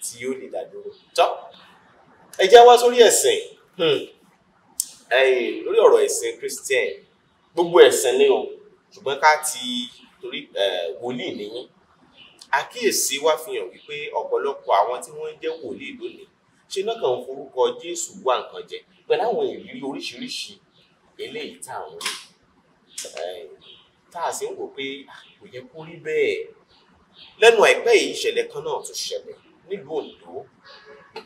tí yóò lè dá tán ẹ já wá sórí ẹ̀sìn hmm. lórí ọ̀rọ̀ ẹ̀sìn christian gbogbo ẹ̀sìn ni o ṣùgbọ́n ká ti torí wòlíì nìyí àkíyèsí wá fi hàn wípé ọ̀pọ̀lọpọ̀ àwọn tí wọ́n ń jẹ́ wòlíì lónìí ṣe náà kàn ń forúkọ jésù wá nǹkan jẹ pẹ̀lú àwọn ìrírí oríṣiríṣi eléyìí tá à ń rí tá a sì ń wò pé kò yẹ kó rí bẹ́ẹ̀ lẹ́nu àìpẹ́ yìí ìṣẹ̀lẹ̀ kan náà tún ṣẹlẹ̀ nílùú Oǹdó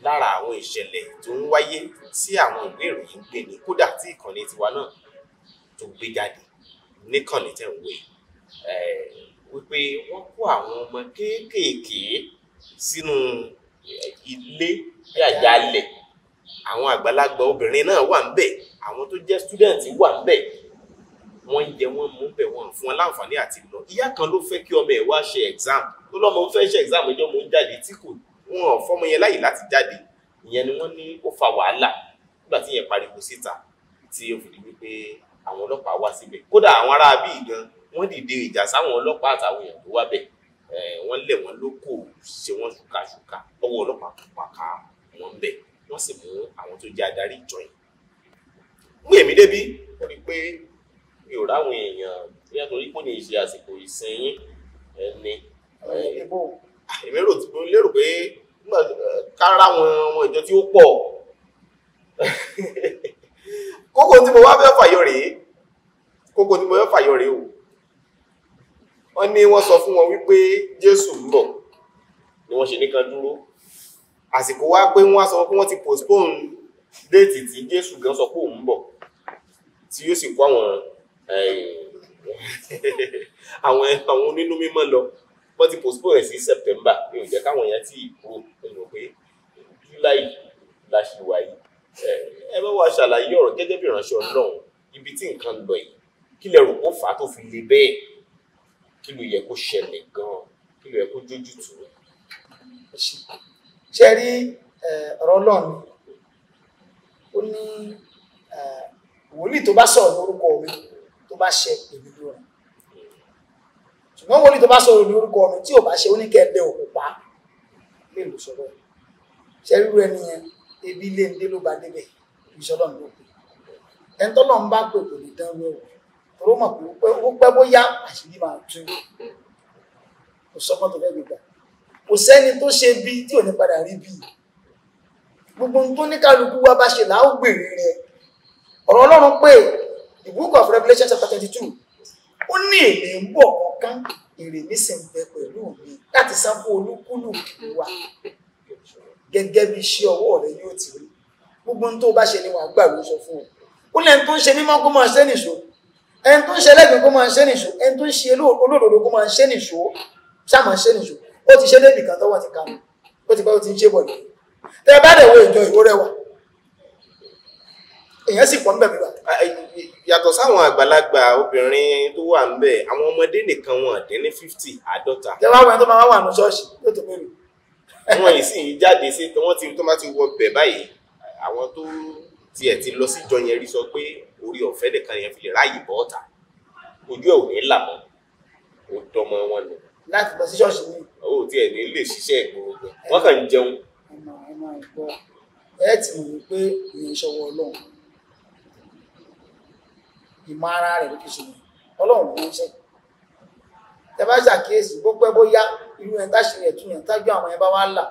lára àwọn ìṣẹ̀lẹ̀ tó ń wáyé tí àwọn ìwé ìròyìn ń gbé ni kódà tí ìkànnì tiwa náà tó gbé jáde níkànnì tẹ̀ ń wé wípé wọ́n kó àwọn ọmọ kéékèèké sínú ilé yàjálẹ̀ àwọn àgbàlagbà obìnrin náà wà ń bẹ̀ àwọn tó jẹ́ stúdẹ̀ǹtì wà ń bẹ̀ wọ́n ń jẹ wọ́n mú bẹ̀ wọ́n fún wọn láǹfààní àti lọ ìyá kan ló fẹ́ kí ọmọ ẹ̀ wá ṣe exam tó lọ́mọ ń fẹ́ ṣe exam ìjọ mo ń jáde tí kò wọn fọ́mọ yẹn láyè láti jáde ìyẹn ni wọ́n ní ó fa wàhálà nígbà tí yẹn pariwo síta tí ó fi di wípé àwọn ọlọ́pàá wá síbẹ̀ kódà àwọn ará bíi gan wọ́n dìde ìjà sáwọn ọlọ́pàá àtàwọn èèyàn tó wá bẹ̀ wọ́n lẹ̀ wọ́n lóko ṣe wọ́n ṣùkàṣùkà ọwọ́ ọlọ́pàá kò pa ká wọn bẹ̀ wọ́n sì mú àwọn tó jẹ́ adarí ìjọ yìí mú èmi débi ó rí i pé mi ò ráwọn èèyàn bóyá torí kò ní í ṣe àsìkò ìsìn ẹni. Ah, èmi rò lérò pé Eh, kára wọn ọmọ ìjọ tí ó pọ̀ kókó tí mo wá fẹ́ fàyọ rèé kókó tí mo fẹ́ fàyọ rèé o wọ́n ní wọ́n sọ fún wọn wípé Jésù ń bọ̀ ni wọ́n ṣe nìkan dúró àsìkò wá pé wọ́n sọ pé wọ́n ti postpone déètì tí Jésù gan sọ pé òun bọ̀ tí yóò sì kó àwọn eh, àwọn onínú mímọ́ lọ wọ́n ti postpone sí September mi ò jẹ́ káwọn èèyàn tí ì kúrò nínú pé July la ṣe wà yìí ẹ bá wa ṣàlàyé ọ̀rọ̀ gẹ́gẹ́ bí ìránṣẹ́ Ọlọ́run ibi tí nǹkan lọ yìí kí lẹ rò kó fà á tó fi le bẹ́ẹ̀ kí ló yẹ kó ṣẹlẹ̀ gan-an kí ló yẹ kó jójútù rẹ̀. ṣe rí ọ̀rọ̀ Ọlọ́run ó ní wòlíì tó bá sọ̀rọ̀ lórúkọ mi tó bá ṣe èmi lóra ṣùgbọ́n wọ́n ní tó bá sọ̀rọ̀ ní orúkọ mi tí ò bá ṣe oníkẹ́ẹ̀dẹ́ òkú pa lè lò sọ̀rọ̀ ṣẹ́rú ẹni yẹn ebi lé ní ló bá débẹ̀ ìṣọ́lọ́ ló pè ẹni tọ́lọ́ ń bá pè kò lè dán wẹ̀wò tó mọ̀ pé ó pẹ́ bóyá àṣírí máa tú kò sọ́kàn tó fẹ́ gbégbà kò sẹ́ni tó ṣe bí tí ò ní padà rí bí gbogbo ohun tó ní kálukú wa bá ṣe làá ó gbèrè rẹ ọ̀rọ̀ Ọlọ́run pé the book of Revelation chapter twenty two ó ní èmi ń bọ̀ ọ̀kan èrè nísìnyí pẹ̀lú mi láti sanwó olúkúlùkù wa gẹ́gẹ́ bí iṣẹ́ ọwọ́ rẹ yóò ti rí gbogbo ohun tó bá ṣe ni wàá gbà ló sọ fún ọ ó lẹ́ni tó ń ṣe mímọ́ kó máa ṣe nìṣó ẹni tó ń ṣe ẹlẹ́gbẹ̀ẹ́ kó máa ṣe nìṣó ẹni tó ń ṣe olódodo kó máa ṣe nìṣó ṣáà máa ṣe nìṣó ó ti ṣe débìkan tọ́wọ́ ti kanu ó ti pẹ́ ó ti ń ṣe bọ̀ yìí tẹ́ bá dẹ̀ wo ìjọ ìwó rẹwà èèyàn sì pọ̀ níbẹ̀ bíbá. yàtọ̀ sáwọn àgbàlagbà obìnrin tó wà níbẹ̀ àwọn ọmọdé nìkan wọn dín ní fifty àádọ́ta. jẹ́wọ́ àwọn tó máa wà ní ṣọ́ọ̀ṣì yóò tó mélòó. wọn yìí sì jáde sí wọn ti tó máa ti wọ bẹ̀ báyìí àwọn tó tiẹ̀ ti lọ síjọ yẹn rí sọ pé orí ọ̀fẹ́ nìkan yẹn fi lè ráàyè bọ́ ọ̀tà ojú ẹ̀ ò ní là mọ́ ó dọ́mọ wọn lọ. láti lọ sí ṣọ́ọ̀ṣì mi. ó tiẹ̀ ní lè ṣiṣẹ́ ìgbòho wọn kàn ń jẹun. ẹ ti mọ̀ pé ìyẹn ìṣọwọ́ ọlọ́run ìmọ̀ ara rẹ̀ ló fi ṣe yẹn ọlọ́run ló ń ṣe tẹ́bá ṣàkíyèsí bó pẹ́ bóyá irú ẹ̀ táṣì rẹ̀ tún yẹn tájú àwọn ẹ̀ bá wá là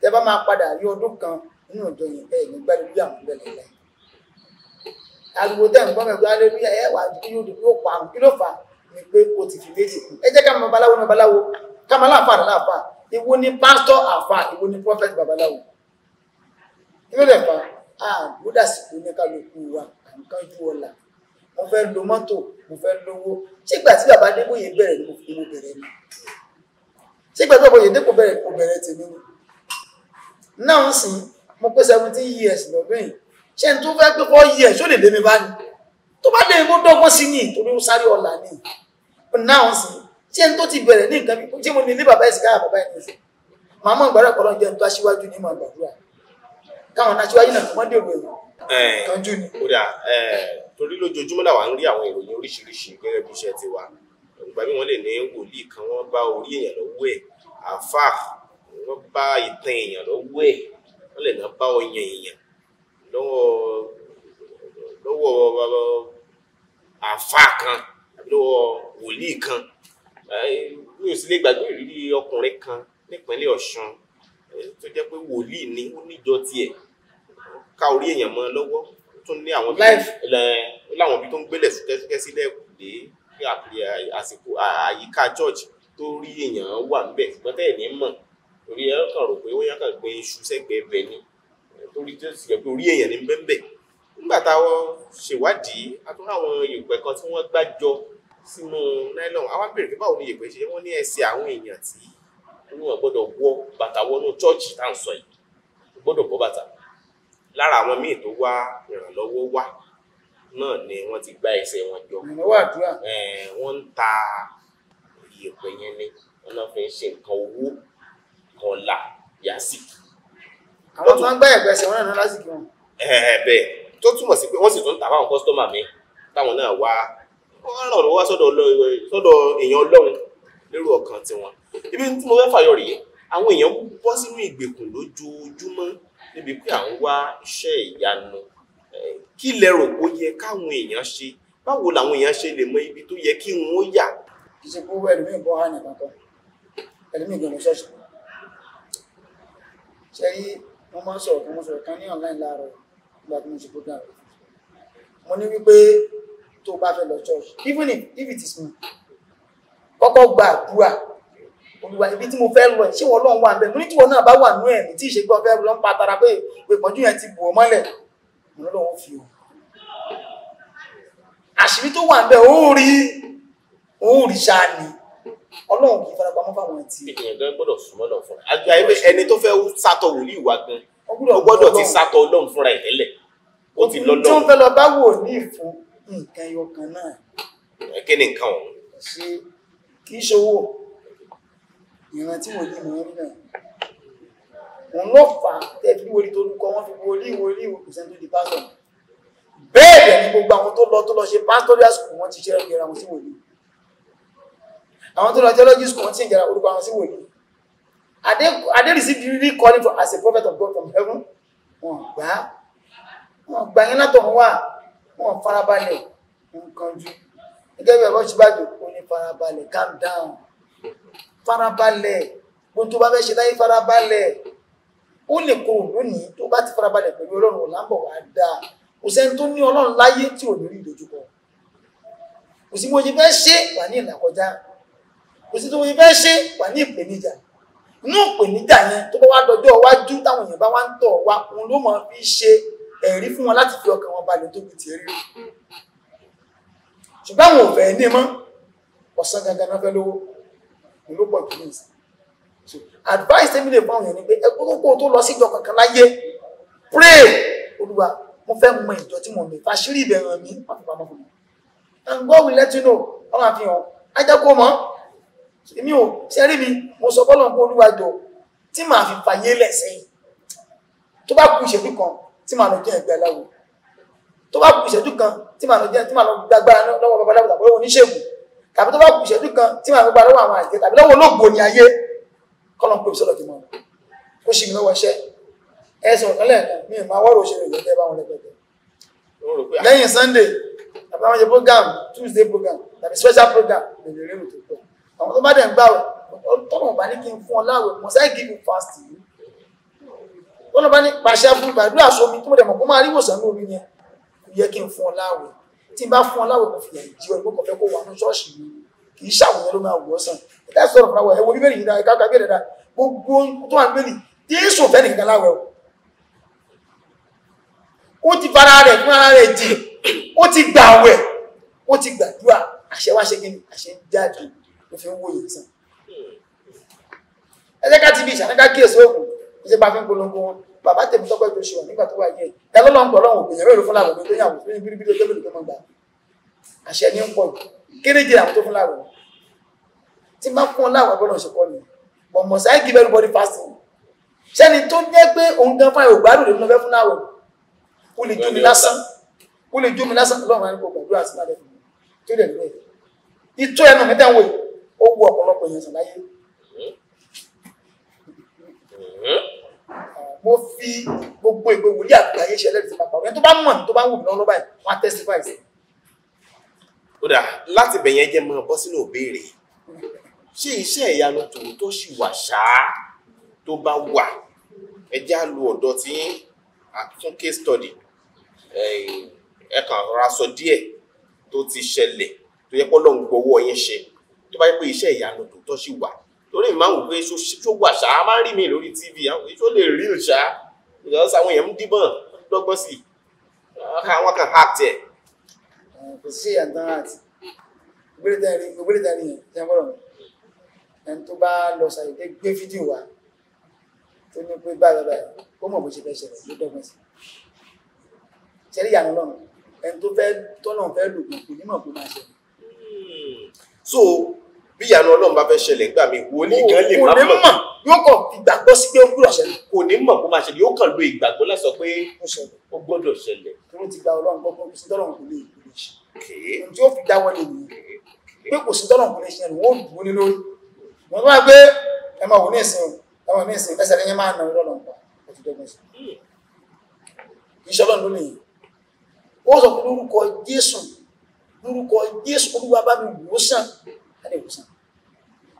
tẹ́bá máa padà rí ọdún kan nínú ìjọ yẹn bẹ́ẹ̀ ní gbẹ́lẹ́lú àwọn ìbẹ̀lẹ̀ rẹ̀ ariwo tẹ́ ń gbọ́mọ̀ ìgbà lórí ẹ̀ wà kí yóò dìbò yóò pa kí ló fà á pé o ti fi méjì ẹ jẹ́ ká mọ babaláwo ní babaláwo ká mọ aláàfà ní aláàfà ìwo ni pásítọ̀ àfà ìwo ni mo fẹ́ lo mọ́tò mo fẹ́ lówó sígbà tí bàbá Adébóyè bẹ̀rẹ̀ ni mo fi mo bẹ̀rẹ̀ mi sígbà tí bàbá Oyèdépò bẹ̀rẹ̀ mo bẹ̀rẹ̀ tèmi ni náà ń sìn mo pé seventeen years lọ́dún yìí ṣé n tó fẹ́ pé four years ó lè lé mi bá ní tó bá lè mú dọ́gbọ́n sí ní torí ó sáré ọ̀la ní náà ń sìn ṣé n tó ti bẹ̀rẹ̀ ní nǹkan bí ṣé mo ní ní bàbá ẹ̀sìn káyà bàbá ẹ̀sìn ẹ̀sìn màá mọ̀ ìgbàlẹ̀ kọ́lọ́ jẹ́ n tó aṣíwájú ní màá gbàdúrà káwọn aṣíwájú náà kọ́ mọ́ dèrò ẹ̀yìn kanjú ni torí lójoojúmọ́ làwa ń rí àwọn ìròyìn oríṣiríṣi gẹ́gẹ́ bí iṣẹ́ tiwa ìgbà bí wọ́n lè ní wòlíì kan wọ́n bá orí èèyàn lọ́wọ́ ẹ̀ àáfàá wọ́n bá ìtàn èèyàn lọ́wọ́ ẹ̀ wọ́n lè náà bá ọyàn èèyàn lọ́wọ́ lọ́wọ́ àáfàá kan lọ́wọ́ wòlíì kan mi ò sì lè gbàgbé ìrírí ọkùnrin kan nípínlẹ̀ Ọ̀ṣun tó jẹ́ pé wòlíì ni ó níjọ tiẹ̀ ká orí èèyàn mọ́ lọ́wọ́ tún ní àwọn láwọn ibi tó ń gbélẹ̀ súkẹ́súkẹ́ sílẹ̀ kùdé ní àsìkò àyíká church tó rí èèyàn wà níbẹ̀ ṣùgbọ́n tẹ́ẹ̀ ní mọ̀ torí ẹ kàn rò pé ó yá kàn pé iṣu sẹ́gbẹ̀ẹ́ bẹ̀ ni torí tó sì yẹ pé orí èèyàn ní bẹ́ẹ̀ nígbà táwọn ṣèwádìí àtúnrà àwọn ìpẹ́ kan tí wọ́n gbájọ sínú nylon àwa bèrè pé báwo ni ìpẹ́ ṣe wọ́n ní ẹsẹ̀ àwọn èèyàn tí wọ́n gbọ́dọ̀ wọ bàtà wọnú chọ́ọ̀chì lára àwọn míì tó wá ìrànlọ́wọ́ wá náà ni wọ́n ti gbá ẹsẹ̀ wọn jọ wọ́n ń ta ìyẹ̀pẹ̀ yẹn ni wọ́n náà fi ń ṣe nǹkan owó kọlà yásìkì. àwọn tó ń gbá ẹ̀pẹ̀ ẹsẹ̀ wọn náà lásìkò wọn. bẹ́ẹ̀ tó túmọ̀ sí pé wọ́n sì tún ta fáwọn kọ́sítọ́mà mi táwọn náà wá wọ́n ràn lọ́wọ́ sọ́dọ̀ èèyàn ọlọ́run lérò ọkàn tiwọn ibi tí mo fẹ́ fàyọ rèé àwọn èèyàn bọ́ sínú ìgbèkùn lójoojúmọ́ níbi pé à ń wá iṣẹ́ ìyanu kí lẹ rò pé ó yẹ káwọn èèyàn ṣe báwo làwọn èèyàn ṣe lè mọ ibi tó yẹ kí wọn ó yà. kì í ṣe kó wẹ́ẹ̀lì mí bọ́ hàn nìkan kan ìgbìmọ̀ ṣọ́ọ̀ṣì ṣe rí wọ́n máa ń sọ̀rọ̀ kan wọ́n sọ̀rọ̀ kan ní online láàárọ̀ nígbà tí mo ṣe program mo ní wípé tó bá fẹ́ lọ church even if, if it is me kọ́kọ́ gba àdúrà ìwà ibi tí mo fẹ́ lọ ṣé wọ́n lọ́n wà ń bẹ̀ mo ní tí wọ́n náà bá wà nú ẹ̀ tí ìṣe gbọ́n fẹ́ lọ́n pa tara pé ìpọ́njú yẹn ti bù ọ́ mọ́lẹ̀ lọ́wọ́ fi o àṣírí tó wà ń bẹ̀ ó rí ó rí ṣáà ni ọlọ́run kì í farapamọ́ fáwọn ẹtì. ènìyàn gan gbọ́dọ̀ súnmọ́ lọ fúnra àgbà ẹgbẹ́ ẹni tó fẹ́ sátọ wòlíì wa gan ó gbọ́dọ̀ ti sátọ ọlọ́run fúnra ẹ̀ tẹ́lẹ̀ ó ti lọ lọ́run. tí wọ́n fẹ́ lọ bá wò ní ìfún nǹkan ẹyọ kan náà. kí ni nǹkan ọ̀hún. kì í ṣòwò ìran tí wọ́n yìí wọ́n rí náà wọ́n lọ fà tẹ́ fi wòlí tó lúkọ wọ́n fi wòlí wòlí ìwòkùsẹ́ tó di pásọ̀ bẹ́ẹ̀ ni gbogbo àwọn tó lọ tó lọ ṣe pastoral school wọ́n ti ṣe ẹgbẹ̀rẹ̀ àwọn sí wòlí àwọn tó lọ theology school wọ́n ti ṣe orúkọ àwọn sí wòlí are they received really calling from as a prophet of God from heaven wọ́n gbà wọ́n gbà yín látọ̀ wọ́n wà wọ́n farabalẹ̀ wọ́n kanjú gẹ́gẹ́ bí ẹ̀kọ́ ṣe bá jò ó ní farabalẹ̀ calm down farabalẹ̀ gbogbo tó bá fẹ́ ṣe láyé farabalẹ̀ ó lè korò lónìí tó bá ti farabalẹ̀ pẹ̀lú ọlọ́run ọ̀làǹbọ̀ wá dáa kò sẹ́ni tó ní ọlọ́run láyé tí ò ní rí ìdojúkọ kò sí bó ṣe fẹ́ ṣe wà ní ìlàkọjá kò sí tó ṣe fẹ́ ṣe wà ní ìpèníjà inú ìpèníjà yẹn tó bá wá dọjọ́ wájú táwọn èèyàn bá wá ń tọ̀ wá òun ló mọ̀ fi ṣe ẹ̀rí fún wọn láti fi ọkàn wọn balẹ̀ tó fi tiẹ̀ rí ṣùgbọ́n àwọn ò ní mọ́ ọ̀sán gangan náà fẹ́ lówó ló pọ̀ jù nísì advice tèmi lè fáwọn èèyàn ni pé ẹgbẹ́ tó lọ síjọ kankan láyé pray olúwa mo fẹ́ mọ ìjọ tí mo lè fàṣírí ìbẹ̀rẹ̀ mi má fi pamọ́ fún and God will let you know ọmọ àfihàn ajá kó mọ́ èmi ò ṣe rí mi mo sọ bọ́lọ̀ pé olúwa jọ tí màá fi fàyè lẹ̀ sẹ́yìn tó bá kù ìṣẹ́jú kan tí màá lọ jẹ́ ẹgbẹ́ aláwo tó bá kù ìṣẹ́jú kan tí màá lọ jẹ́ tí màá tàbí tó bá kù ìṣẹ́jú kan tí màá fi gba lọ́wọ́ àwọn àìjẹ́ tàbí lọ́wọ́ olóògbò ní ayé kọ́lọ̀ ń pè sọ́dọ̀ tí mo rà ó ṣì mí lọ́wọ́ iṣẹ́ ẹ̀sùn ìpínlẹ̀ mi ì máa wọ́rọ̀ òṣèré ìlọ́tẹ́ bá wọn lẹ́gbẹ̀ẹ́ lẹ́yìn Sunday tàbí àwọn ṣe program Tuesday program tàbí special program lè lè rìn tó pọ̀ àwọn tó bá dẹ̀ ń gbà tọ́nà bá ní kí n fún ọ láwẹ̀ mọ̀ sáì tí n bá fún ọ láwọ kan fìyà ìjì ọ ìwọ kan fẹ́ kó wà ní ṣọ́ọ̀ṣì mi kì í ṣàwọn yẹn ló máa wọ sàn ẹ̀dá sọ̀rọ̀ fúnra wọ ẹ̀wọ̀ bíbélì yìí dáa káàkiri bẹ́ẹ̀ dáa gbogbo tó wà níbélì tí í sùn fẹ́ẹ́ nìkan láwẹ̀ o ó ti fara rẹ̀ fún ara rẹ̀ jì ó ti gbà wẹ̀ ó ti gbàdúrà àṣẹ wá ṣe kí ni àṣẹ jáde ló fi ń wòye sàn ẹ ká ti bí ìṣàlẹ́ká kíyèsí òògùn ìṣèpá fi ń polongo wọn bàbá tèmi tọ́pẹ́ tó ṣe wà nígbà tó wà yẹ ẹ lọ́lọ́ ń pọ̀ lọ́wọ́ òpèyàn mẹ́rin fún làwọn tó yàwó fún bíbí tó tẹ́lẹ̀ tó máa gbà àṣẹ ní ń pọ̀ kéréje àwọn tó fún làwọn tí bá fún láwọn gbọ́dọ̀ ṣe kọ́ ni but must I give everybody fasting sẹ́ni tó jẹ́ pé òun gan fáyọ̀ gbádùn lè lọ́fẹ́ fún láwọn kó lè jómi lásán kó lè jómi lásán lọ́wọ́ àwọn ẹ̀kọ́ gbàdúrà sí lálẹ́ fún mi tó lè lọ́ọ̀ ìtọ́ ẹnu mi tẹ́wọ̀n ó wù ọ̀pọ̀lọpọ̀ èèyàn sàn láyé mo fi gbogbo ìgbé wòlíì àgbáyé ṣe ẹlẹ́rìí sí pàpà ẹni tó bá mọ̀ ní tó bá wù mí lọ́wọ́ báyìí wọ́n á testify sí. ó dà láti bẹ̀yẹn jẹ́ mọ́ bọ́ sínú òbéèrè ṣé iṣẹ́ ìyanu tòótọ́ sì wà ṣáá tó bá wà ẹ já ọ̀dọ́ tí fún case study ẹ kàn rọra sọ díẹ̀ tó ti ṣẹlẹ̀ tó yẹ kọ́ lọ́n gbowó yín ṣe tó bá yẹ pé iṣẹ́ ìyanu tòótọ́ sì wà torí mi pé ṣó wà ṣá a rí mi lórí tv àwọn èyí lè rí ò ṣá ìjọba àwọn èèyàn ń díbọn lọ́gbọ́n sí àwọn kan hack tiẹ̀. kò sí àtàn àti ògbélé dání yẹn jẹ́ tó bá lọ ṣàyẹ̀dẹ́ gbé fídíò wa tó ní pé báyìí báyìí ó mọ̀ bó ṣe fẹ́ ṣẹlẹ̀ ló dọ́gbọ́n sí ṣẹlẹ̀ ìyànà lọ́nà ẹni tó fẹ́ tọ́nà fẹ́ lò kò ní mọ̀ bó máa ṣẹlẹ̀. Hmm bí ìyanu ọlọ́run bá fẹ́ ṣẹlẹ̀ nígbà míì wòlíì gan lè má mọ̀ yóò kàn ìgbàgbọ́ sí pé ó gbọ́dọ̀ ṣẹlẹ̀ kò ní mọ̀ kó máa ṣẹlẹ̀ yóò kàn lo ìgbàgbọ́ láti sọ pé ó gbọ́dọ̀ ṣẹlẹ̀. wọ́n ti gba ọlọ́run gbọ́ pé kò sí tọ́lọ́run kò lè ìpìlẹ̀ e ṣe ohun tí ó fi dáwọ́ lè yìí pé kò sí tọ́lọ́run kò lè ṣe wọ́n dùn ní lórí wọ́n máa gbé ẹ máa wò ní ìsìn ẹ máa ní ìsìn ẹsẹ̀ lẹ́yìn máa nà ọlọ́run pa ó ti dọ́gbọ́n sí iṣẹ́ hmm. ọlọ́run ló lè yìí ó sọ pé lórúkọ Jésù lórúkọ Jésù olúwa bá mi wò sàn lè wòsàn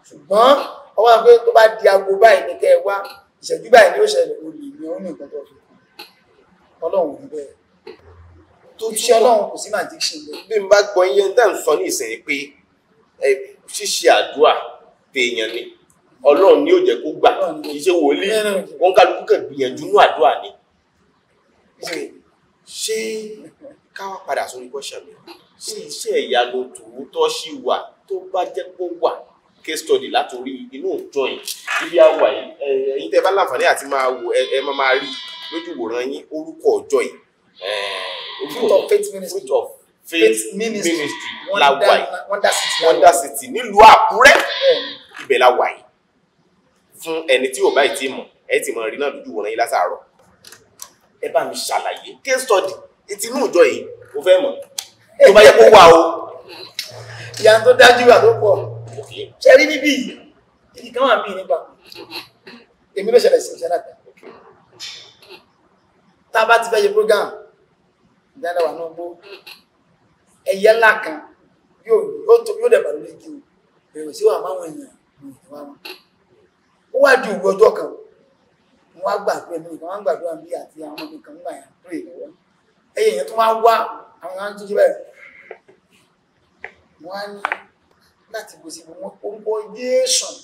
ṣùgbọ́n ọwọ́ pé tó bá di aago báyìí ní kẹ́ ẹ wá ìṣẹ́jú báyìí ni ó ṣẹlẹ̀ olè ní ó ní nǹkan tó fi kú ọlọ́run ní bẹ́ẹ̀ tó ṣe ọlọ́run kò sí màdíṣìn lọ. bí n bá gbọ́ iye tá à ń sọ ní ìsẹ̀yìn pé ṣíṣe àdúrà téèyàn ni ọlọ́run ni yóò jẹ́ kó gbà kì í ṣe wòlíì wọn kálukú kàn gbìyànjú ní àdúrà ni. ṣé ká wá padà sórí question mi ṣé hmm. iṣẹ́ ìyanu tòótọ́ ṣì wà tó bá jẹ́ pé ó wà case study látòrí inú òjọ yìí ibi àwà yìí ẹ̀yin tẹ́ bá láǹfààní àti máa wò ẹ máa máa rí lójú wòran yín orúkọ òjọ yìí fruit of faith ministry fruit of faith ministry la wà yìí wonder city nílùú àkúrẹ́ hmm. ibẹ̀ la wà yìí fún ẹni tí ò báyìí ti mọ̀ ẹ ti mọ̀ rí náà lójú wòran yín látàárọ̀ ẹ bá mi ṣàlàyé case study etí inú ìjọ yìí mo fẹ́ mọ̀ tó bá yẹ kó wà o. ìyá tó dájú wà tó pọ̀ ṣe rí níbí yìí ibi kan wà mí nípa èmi ló ṣẹlẹ̀ sí ìṣẹ́lẹ̀ àgbà tá bá ti fẹ́ ṣe program dáadáa wà náà gbó ẹ̀yẹ ńlá kan yóò dẹ̀ bàrú lójú bẹ̀rẹ̀ sí wà máwọn èèyàn ìwà wọn ó wá di òwú ọjọ́ kan wọ́n á gbàdúrà bí àti àwọn ọmọ nìkan ń gbà yà pé ìlọ́wọ́ ẹyẹ yẹn tó wá wá àwọn àwọn tó jẹ́ bẹ́ẹ̀ wọ́n á ní láti gbé sí wọn orúkọ yéésùn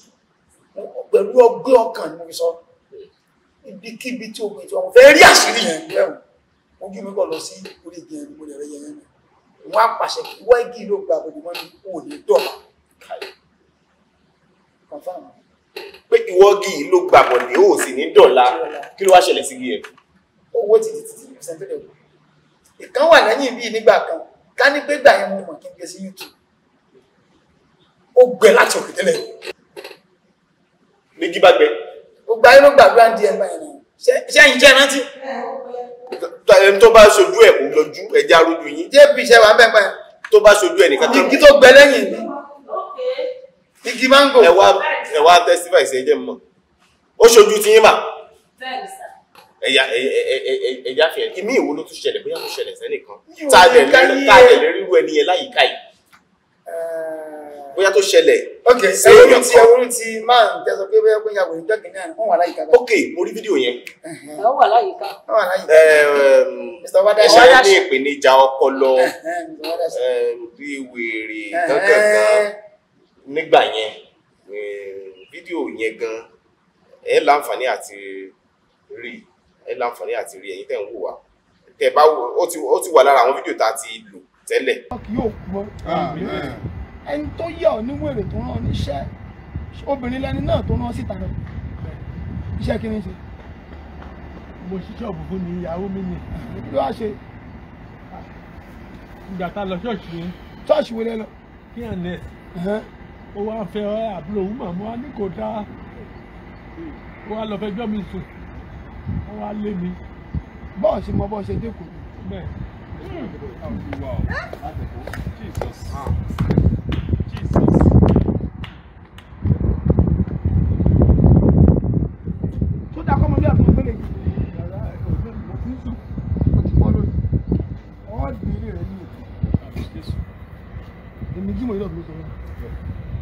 pẹ̀lú ọgbẹ́ ọkàn ni mo fi sọ ibikíbi tí ogun ìjọba fẹ́ rí àṣírí yẹn lẹ́wọ̀n ojú mi kọ̀ lọ sí orí igi ẹni mo lè rẹ yẹn yẹn wọ́n á pàṣẹ kí wọ́n igi ló gba àbòdì mọ́ ní kò ní dọ̀là pé ìwọ igi ló gba àbòdì ó sì ní dọ̀là kí ló wá ṣẹlẹ̀ sí igi ẹ̀. owó ti di títí percent tó dẹ̀ wò ìkan wà lẹ́yìn bíi nígbà kan ká ní pé gbà yẹn mo mọ̀ kí n gbé sí YouTube ó gbẹ láti òkè tẹ́lẹ̀ méjì bá gbẹ ó gba inú gbàgbé àǹdí ẹ̀ báyìí ni ṣé ẹ̀yin jẹ́ rántí. ẹni tó bá ṣojú ẹ̀ kò lọ́jú ẹja arójú yín. jp ṣe wà bẹ́ẹ̀ báyìí. tó bá ṣojú ẹ̀ nìkan tó. igi tó gbẹ lẹ́yìn mi igi máńgò. ẹ wá ẹ wá testify ṣe jẹ́ ó ṣojú ti mà. bẹ́ẹ̀ ni sá ẹ̀yà ẹ̀yà fi ẹ̀mí ìwo ló tún ṣẹlẹ̀ bóyá tó ṣẹlẹ̀ sẹ́nìkan tá a dẹ̀ lè ríru ẹni yẹn láyìíká yìí eh. bóyá tó ṣẹlẹ̀ sí èèyàn kan. ẹwúrú ti máa ń tẹ́sọ pé bóyá pé ìyàwó ìjọ kìíní àná wọ́n wà láyìíká. ok mo rí fídíò yẹn. wọ́n wà láyìíká. wọ́n wà láyìíká. ẹ ṣáà ní ìpèníjà ọpọlọ bí wèrè kankan nígbà yẹn fídíò yẹn gan ẹ láǹfààní àti rí i ẹ láǹfààní àti rí ẹ̀yin tẹ̀ ń wò wá tẹ̀ bá wò ó ti wà lára àwọn fídíò tá a ti lò tẹ́lẹ̀. kì yóò pọ ẹni tó yà ọ níwèrè tó rán níṣẹ́ obìnrin lẹni náà tó rán síta rẹ iṣẹ́ kí ni ṣe. mo ṣí ṣọ́ọ̀bù fún mi ìyàwó mi ni. ló wá ṣe. ìgbà tá a lọ ṣọ́ọ̀ṣì yẹn. ṣọ́ọ̀ṣì wo lẹ lọ. kí ẹ̀ ní ẹ̀. ó wá fẹ́ àbúrò òun màmú wa ní kò dáa ó wá lọ fẹjọ́ mi sùn wọ́n wá lé mi bọ́ọ̀ ṣe mọ bọ́ọ̀ ṣe dẹ́kun bẹ́ẹ̀. Jesus. Jesus. tó dáa kọ́ mọ bí àtúntò gbélé yìí. èmi jí mo yí lọ́dún sọ̀rọ̀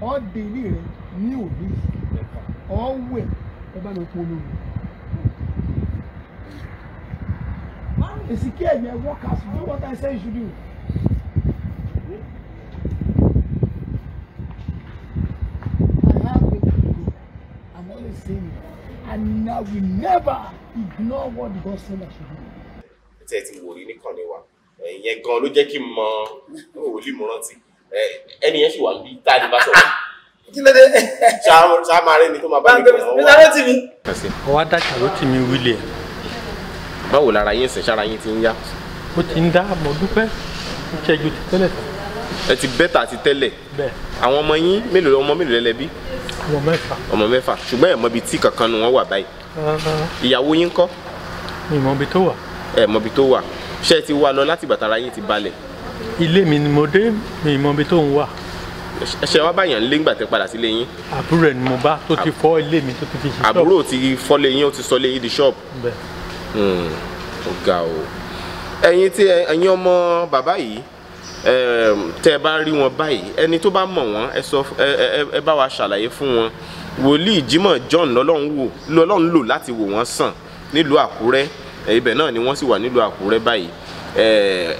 ọ́ dé ilé rẹ̀ ní òbí ọ́ wẹ̀ ẹ bá mi kú olómi. Ezekiel, my workers, do what I say you should do. I have a people. I'm always saying And I will never ignore what God said I should do. Tẹ́ ti wò rí nìkan ni wa, ìyẹn gan ló jẹ́ kí n mọ òòlì mo rántí. Ẹni yẹn sì wà bí tá a ní bá sọ̀rọ̀. Kí ló dé? Ṣáà máa rẹ́ni tó máa bá mi kọ̀ ọ́ wá. Báńkì mi, mi Ọwọ́ adájà ló tì mí wílé ẹ̀ báwo lára yín sìn sára yín ti ń yá. ó ti ń dá àmọ́ dúpẹ́ ìṣẹ́jú ti tẹ́lẹ̀ tán. ẹ ti bẹ́tà ti tẹ́lẹ̀ àwọn ọmọ yín mélòó ọmọ mélòó lẹ bí. ọmọ mẹ́fà. ọmọ mẹ́fà ṣùgbọ́n ẹ̀ mọbi tí kankan nu wọn wà báyìí. ìyàwó yín kọ́. mi mọbi tó wà. ẹ mọbi tó wà ṣé ẹ ti wá lọ láti ìgbà tára yín ti balẹ̀. ilé mi ni mo dé mi mọbi tó ń wà ṣe wá báyàn lé ńgbà tẹ padà sílé yín. àbúrò ẹ̀ ni mo bá tó ti fọ́ ilé mi tó ti fi ṣe ṣọ́ọ̀bù. àbúrò ti fọ́lé yín ó ti sọ lé yín di ṣọ́ọ̀bù. Hmm, ó ga o ẹ̀yin tí ẹ̀yin ọmọ bàbá yìí ehm, tẹ́ ẹ bá rí wọn báyìí ẹni tó bá mọ̀ wọ́n ẹ sọ ẹ bá wa ṣàlàyé fún wọn wòlíì Jimoh John lọ́lọ́run wò lọ́lọ́run lò láti wò wọ́n sàn nílùú Àkúrẹ́ ibẹ̀ náà ni wọ́n sì wà nílùú Àkúrẹ́ báyìí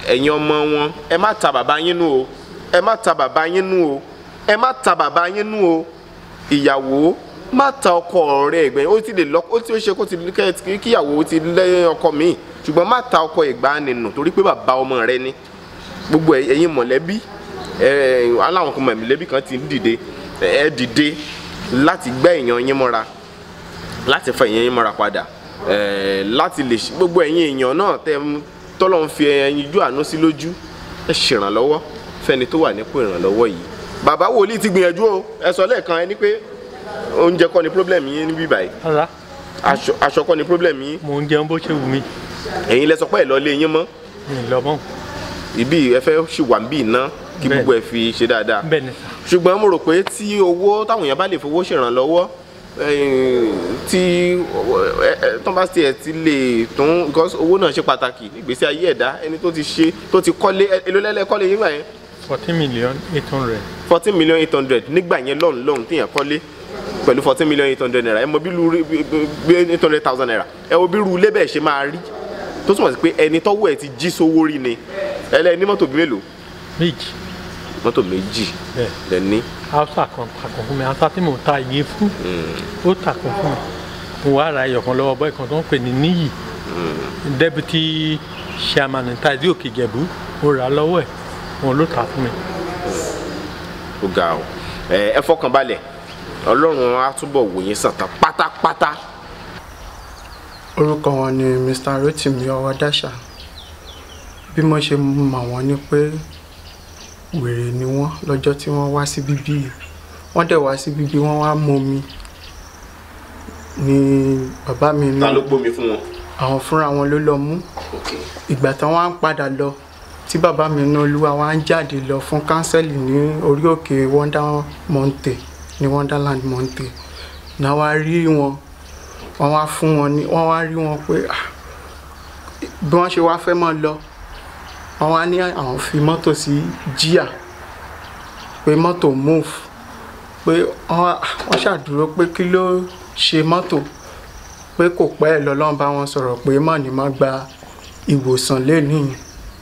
ẹ̀yin ọmọ wọn ẹ má ta bàbá yín nù o ẹ má ta bàbá yín nù o ẹ má ta bàbá yín nù o ìyàwó má ta ọkọ rẹ ẹ̀gbẹ́ ó ti lè lọ ó ti ó ṣe kó ti kíyàwó ó ti lẹ́yìn ọkọ mi ṣùgbọ́n má ta ọkọ ìgbàanìnù torí pé bàbá ọmọ rẹ ni gbogbo ẹ̀yin mọ̀lẹ́bí aláwọn kan mọ̀lẹ́bí kan ti dìde ẹ dìde láti gbẹ́ èèyàn yín mọ́ra láti fẹ́ èèyàn yín mọ́ra padà láti lè gbogbo ẹ̀yin èèyàn náà tẹ tọ́lọ́run fi ẹyin jú àánú sí lójú ẹ ṣèrànlọ́wọ́ fẹ́ni tó wà nípò ìrànlọ́wọ́ yìí bàbá wòlíì ti gbìyànjú o ẹ sọ lẹ́ẹ̀kan ẹni pé oúnjẹ kọ́ ni problem yín níbí báyìí aṣọ aṣọ kọ́ ni problem yín. mò ń jẹun bó ṣe wù mí. ẹ̀yin lẹ sọ pé ẹ̀ lọ lé yín mọ́. mi lọ mọ́. ibi ẹ fẹ́ ṣì wà ń bí iná kí gbogbo ẹ fi ṣe dáadáa. bẹ́ẹ̀ni. ṣùgbọ́n mo rò pé tí owó táwọn èèyàn bá lè fowó ṣèrànlọ́wọ́ tí tó bá tiẹ̀ ti lè tún because owó náà ṣe pàtàkì nígbésí ayé ẹ̀dá ẹni tó ti ṣe tó ti kọ́lé elólẹ́lẹ́ kọ́lé yín gbà yẹn. fourteen million eight hundred. fourteen million eight hundred nígbà yẹn lọ́hùn lọ́hùn téèyàn kọ́lé pẹ̀lú fourteen million eight hundred naira ẹ mọ bí lu eight hundred thousand naira ẹ wo bí ru ilé bẹ́ẹ̀ ṣe máa rí tó túmọ̀ sí pé ẹni tọ́wọ́ ẹ̀ ti jí sówó rí ni ẹlẹ́ni mọ́tò bí mélòó. méjì. mọ́tò méjì lẹ́ni. hausa kan takùn fún mi hausa tí mò ń ta iye fún hmm. ó takùn fún mi mo wá ra ẹyọkan lọ́wọ́ bọ́ ìkan tó ń pè ní níyì hmm. deputy chairman ta ìdí òkè ìjẹ̀bú mo rà lọ́wọ́ ẹ̀ wọn ló ta fún mi. Hmm. ó ga ọ ẹ fọkàn balẹ̀ ọlọ́run á túbọ̀ wò yín sàtàn pátápátá. orúkọ wọn ni Mr. Rotimi Ọwádàṣà bí mo ṣe mọ̀ wọ́n ni pé wèrè ni wọ́n lọ́jọ́ tí wọ́n wá sí bíbí yìí wọ́n dẹ̀ wá sí bíbí wọ́n wá mọ́mi ni bàbá mi náà. ta ló gbómi fún wọn. àwọn fúnra wọn ló lọ mú. ìgbà tán wá ń padà lọ tí bàbá mi náà olúwa wá ń jáde lọ fún kánsẹ́lì ní orí òkè Wonder Mountain ní wonderland monte náà wá rí wọn wọ́n wá fún wọn ní wọ́n wá rí wọn pé ah, bí wọ́n ṣe wá fẹ́ mọ́ lọ wọ́n wá ní àwọn fi mọ́tò sí jíà pé mọ́tò move pé ah, wọ́n ṣàdúró pé kí ló ṣe mọ́tò pé kò pẹ́ ẹ̀ lọ́lọ́run bá wọn sọ̀rọ̀ pé mọ̀ ní má gba ìwòsàn lẹ́nìí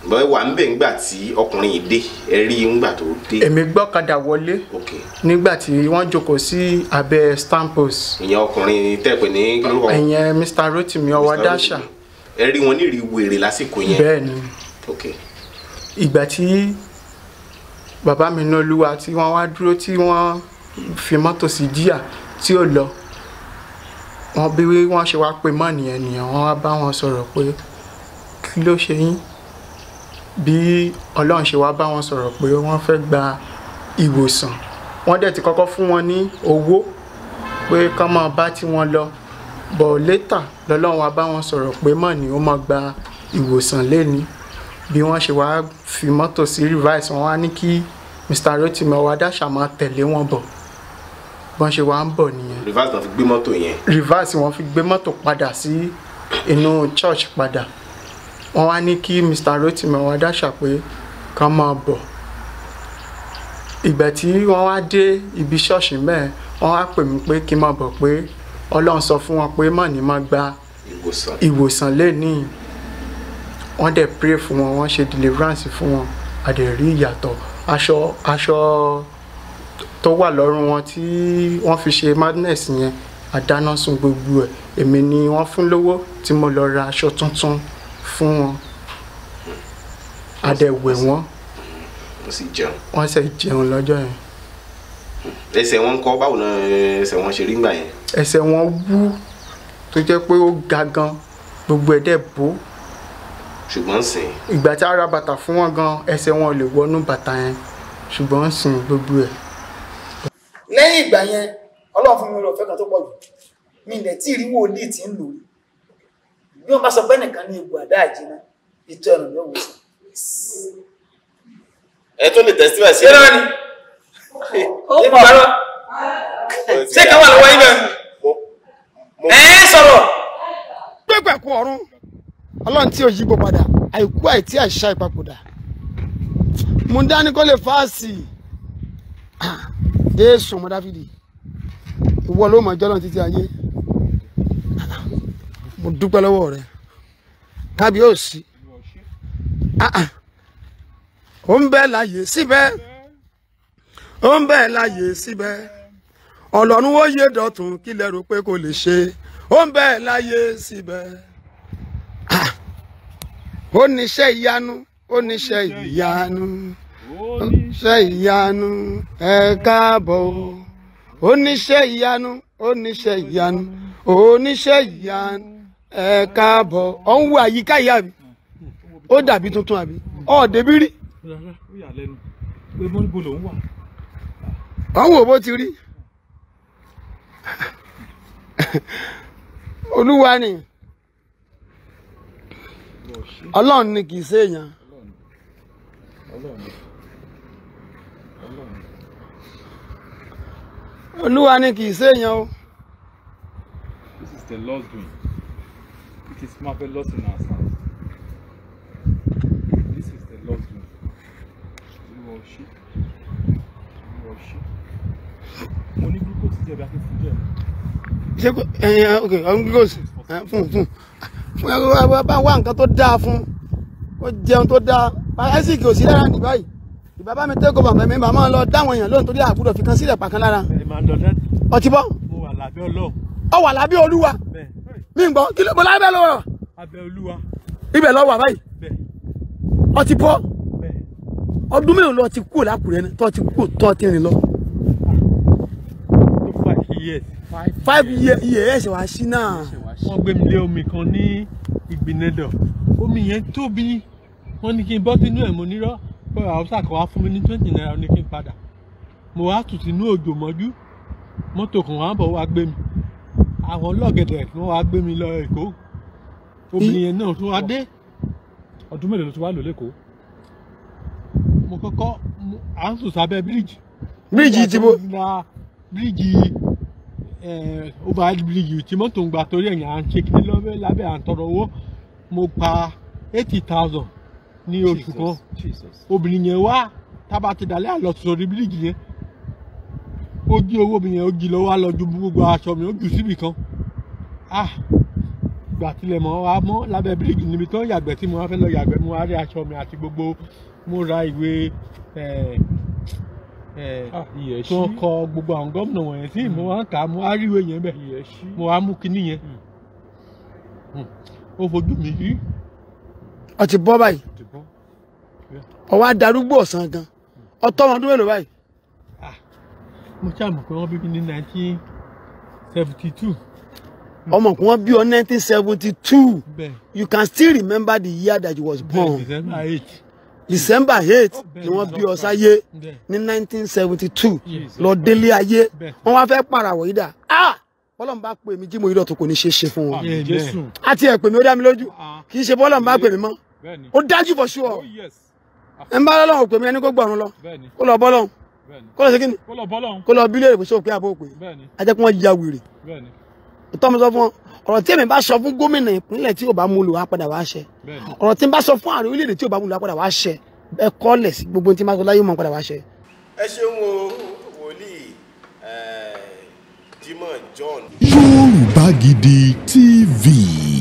bọ́ẹ̀ wà ń bẹ̀ ńgbà tí ọkùnrin yìí dé ẹ rí i ńgbà tó dé. èmi gbọ́kadà wọlé nígbà tí wọ́n jókòó sí abẹ́ stampos. ìyẹn ọkùnrin tẹ̀pẹ̀ ní lórúkọ. ìyẹn Mr. Rotimi Ọwádàṣà. ẹ rí wọn nírìí wèrè lásìkò yẹn. bẹ́ẹ̀ni ìgbà tí bàbá mi náà lúwa tí wọ́n wá dúró tí wọ́n fi mọ́tò sí díà tí ó lọ wọn bí wọ́n ṣe wá pé mọ́ nìyẹn nìyẹn wọ́n wá bá wọn sọ̀rọ̀ pé kí ló ṣe yín bí ọlọ́run ṣe wá bá wọn sọ̀rọ̀ pé wọ́n fẹ́ gba ìwòsàn wọ́n dẹ̀ ti kọ́kọ́ fún wọn ní owó pé kán máa bá tí wọ́n lọ bọ̀ létà lọ́lọ́run wá bá wọn sọ̀rọ̀ pé mọ̀ ni ó máa gba ìwòsàn lẹ́ni bí wọ́n ṣe wá fi mọ́tò sí rivers wọn wá ní kí Mr. Rotimi Ọwádàṣà máa tẹ̀lé wọn bọ̀ bọ́n ṣe wá ń bọ̀ nìyẹn. rivers náà fi gbé mọ́tò yẹn. rivers wọn fi gbé mọ́tò padà sí inú church padà wọ́n wá ní kí Mr. Rotimi wọ́n dáṣà pé kán máa bọ̀ ìgbà tí wọ́n wá dé ibi ṣọ́ọ̀ṣì mẹ́ẹ̀ wọ́n wá pè mí pé kí n máa bọ̀ pé Ọlọ́run sọ fún wọn pé mọ̀ ní máa gba ìwòsàn lẹ́nìí wọ́n dẹ̀ pray fún wọn wọ́n ṣe deliverance fún wọn àdẹ̀rí ìyàtọ̀ aṣọ aṣọ tó wà lọ́rùn wọn tí wọ́n fi ṣe madness yẹn àdáná sun gbogbo ẹ̀ èmi ni wọ́n fún lówó tí mo lọ ra aṣọ tuntun fún wọn adẹ̀wẹ̀ wọn wọ́n ṣe jẹun lọ́jọ́ yẹn. ẹsẹ̀ wọn kọ́ báwo náà ẹsẹ̀ wọn ṣe rí gbà yẹn. ẹsẹ̀ wọn wú tó jẹ́ pé ó ga gan gbogbo ẹ̀ dẹ̀ bó. ṣùgbọ́n sìn. ìgbà tí a ra bàtà fún wọn gan ẹsẹ̀ wọn ò lè wọnú bàtà yẹn ṣùgbọ́n sìn gbogbo ẹ̀. lẹ́yìn ìgbà yẹn ọlọ́run fún mi lọ fẹ́ kan tó pọ̀ jù mi ilẹ̀ tí ìrìwò ti ń lò ó bí wọ́n bá sọ pé nìkan ní egbò àdá àjìnà ìtọ́ ẹ̀rùn ló wò sàn. ẹ tó lè tẹ̀síwá sí. yẹ́nà ni ó mọ̀ ọ́ ṣé kí wọ́n lọ́wọ́ ibẹ̀ ẹ sọ̀rọ̀. gbẹgbẹ̀kun ọ̀run ọlọ́run tí ò yípo padà àìkú àìtí àìṣá ìpapòdà mo dání kó lè fáàsì ah, jésù mọ́ dáfídì ìwọ ló mọ̀ ọjọ́ títí ayé mo dúpẹ́ lọ́wọ́ rẹ kábíyèsí ó ń bẹ láàyè síbẹ̀ ó ń bẹ láàyè síbẹ̀ ọlọ́run ó yé dọ̀tún kí lẹ rò pé kò lè ṣe ó ń bẹ láàyè síbẹ̀ ah. ó níṣẹ́ ìyanu ó níṣẹ́ ìyanu ó níṣẹ́ ìyanu ẹ káàbọ̀ ó níṣẹ́ ìyanu ó níṣẹ́ ìyanu ó níṣẹ́ ìyanu. ẹ káàbọ̀ ọ̀ ń ayika àyíká yìí àbí ó dàbí tuntun àbí ọ̀ ọ rí. ọ̀hún ò bó ti ri oluwa ni ọlọ́run ni kì se ṣe èèyàn. ni kì se ṣe o. This is the Lord's doing. It is marvelous in our sight. This is the Lord's doing. We worship. We worship. Mo ní glucose ti jẹ̀bi àti fún jẹ̀. Ṣé kò ẹ̀yìn ok ọ̀hún glucose fún fún fún ẹ bá wá nǹkan tó dáa fún ó jẹun tó dáa Isaac ò sí lára ní báyìí ìbàbá mi tẹ́kọ̀ọ́ bàbá mi bàbá lọ dáwọn èèyàn lóhùn torí àbúrò fi kan sílẹ̀ pàkan lára. ọtí bọ́. ó wà lábẹ́ Ọlọ́run. ó wà lábẹ́ Olúwa mi gbọ́ kí ló mọ lábẹ́ lọ rọ. olúwa. ibẹ̀ lọ wà báyìí. bẹ́ẹ̀. ọtí bọ́. bẹ́ẹ̀. ọdún mélòó lọ ti kúrò lákùrẹ́ ni tọ́ ti kúrò tọ́ ti rìn lọ. five years. five years ṣe wá sí náà. wọ́n gbé mi lé omi kan ní ìgbìnẹ́dọ̀ omi yẹn tóbi wọ́n ní kí n bọ́ sínú ẹ̀ mo nírọ́ pé haúsá kan wá fún mi ní twenty naira ní kí n padà mo wá tù sínú òjò mọ́jú mọ́tò kan wá bọ̀ wá gbé mi àwọn ọlọ́gẹ̀dẹ̀ wọ́n wá gbé mi lọ èkó obìnrin yẹn náà tó wá dé. ọdún mélòó ló ti wá lò lẹ́kọ̀ọ́. mo kọ́kọ́ à ń sùn sábẹ́ bíríìjì. bíríìjì ti mo. bíríìjì eh, overhead bíríìjì tí mọ́tò ń gba torí ẹ̀yìn à ń ṣe kí lọ́wọ́ lábẹ́ à ń tọrọ owó mo pa eighty thousand ní oṣù kan obìnrin yẹn wá tábà ti dàlẹ́ àlọ́ sórí bíríìjì yẹn ó jí owó mi yẹn ó jí lọ́wọ́ á lọ ju gbogbo aṣọ mi ó jù síbì kan ah gbà tilẹ̀ mọ́ wa mọ́ lábẹ́ bíríìjì níbi tó ń yàgbẹ́ tí mo wá fẹ́ lọ yàgbẹ́ mo wá rí aṣọ mi àti gbogbo mo ra ìwé tó kọ gbogbo àwọn gómìnà wọ̀nyẹn sí mo hmm. wá ń kà á mo wá rí ìwé yẹn bẹ̀ mo wá mú kinní yẹn hmm. Hmm. ó fojú mi rí. ó bọ́ báyìí ó wá ọ̀sán gan ọtọ́ ọmọdún mélòó báyìí mo ṣàmù pé wọ́n bí mi ní nineteen seventy two. ọmọ kò wọ́n bí ọ nineteen seventy two you can still remember the year that you was born. December eight. December eight oh, ni wọ́n bí ọ sáyé ní nineteen seventy two lọ délé ayé wọ́n wá fẹ́ pàràwọ̀ yìí dà ah bọ́lọ̀ ń bá pè mí Jímọ̀ Ìdọ̀tun kò ní ṣe é ṣe fún wọn àti ẹ̀ pè mí ó dá mi lójú ah. kì í ṣe bọ́lọ̀ ń bá pè mí mọ́ ó dájú for sure oh, ẹ̀ ń bá lọ́lọ́run pè mí ẹni kó gbọ̀run lọ kó lọ bọ́lọ́run kó lọ sí kíni kó lọ bílíọ̀nù pé sóòpé àbò pé ajẹ́ kí wọ́n ya wèrè tọ́mọ sọ fún ọ̀rọ̀ tí èmi bá sọ fún gómìnà ìpínlẹ̀ tí ò bá mú lò wá padà wá ṣẹ ọ̀rọ̀ tí n bá sọ fún ààrẹ orílẹ̀-èdè tí ò bá mú lò wá padà wá ṣẹ ẹ kọ́lẹ̀ sí gbogbo tí n bá sọ láyé mọ̀ padà wá ṣẹ. ẹ ṣeun o wòlíì eh, Jimoh John. Yorùbá Gidi TV.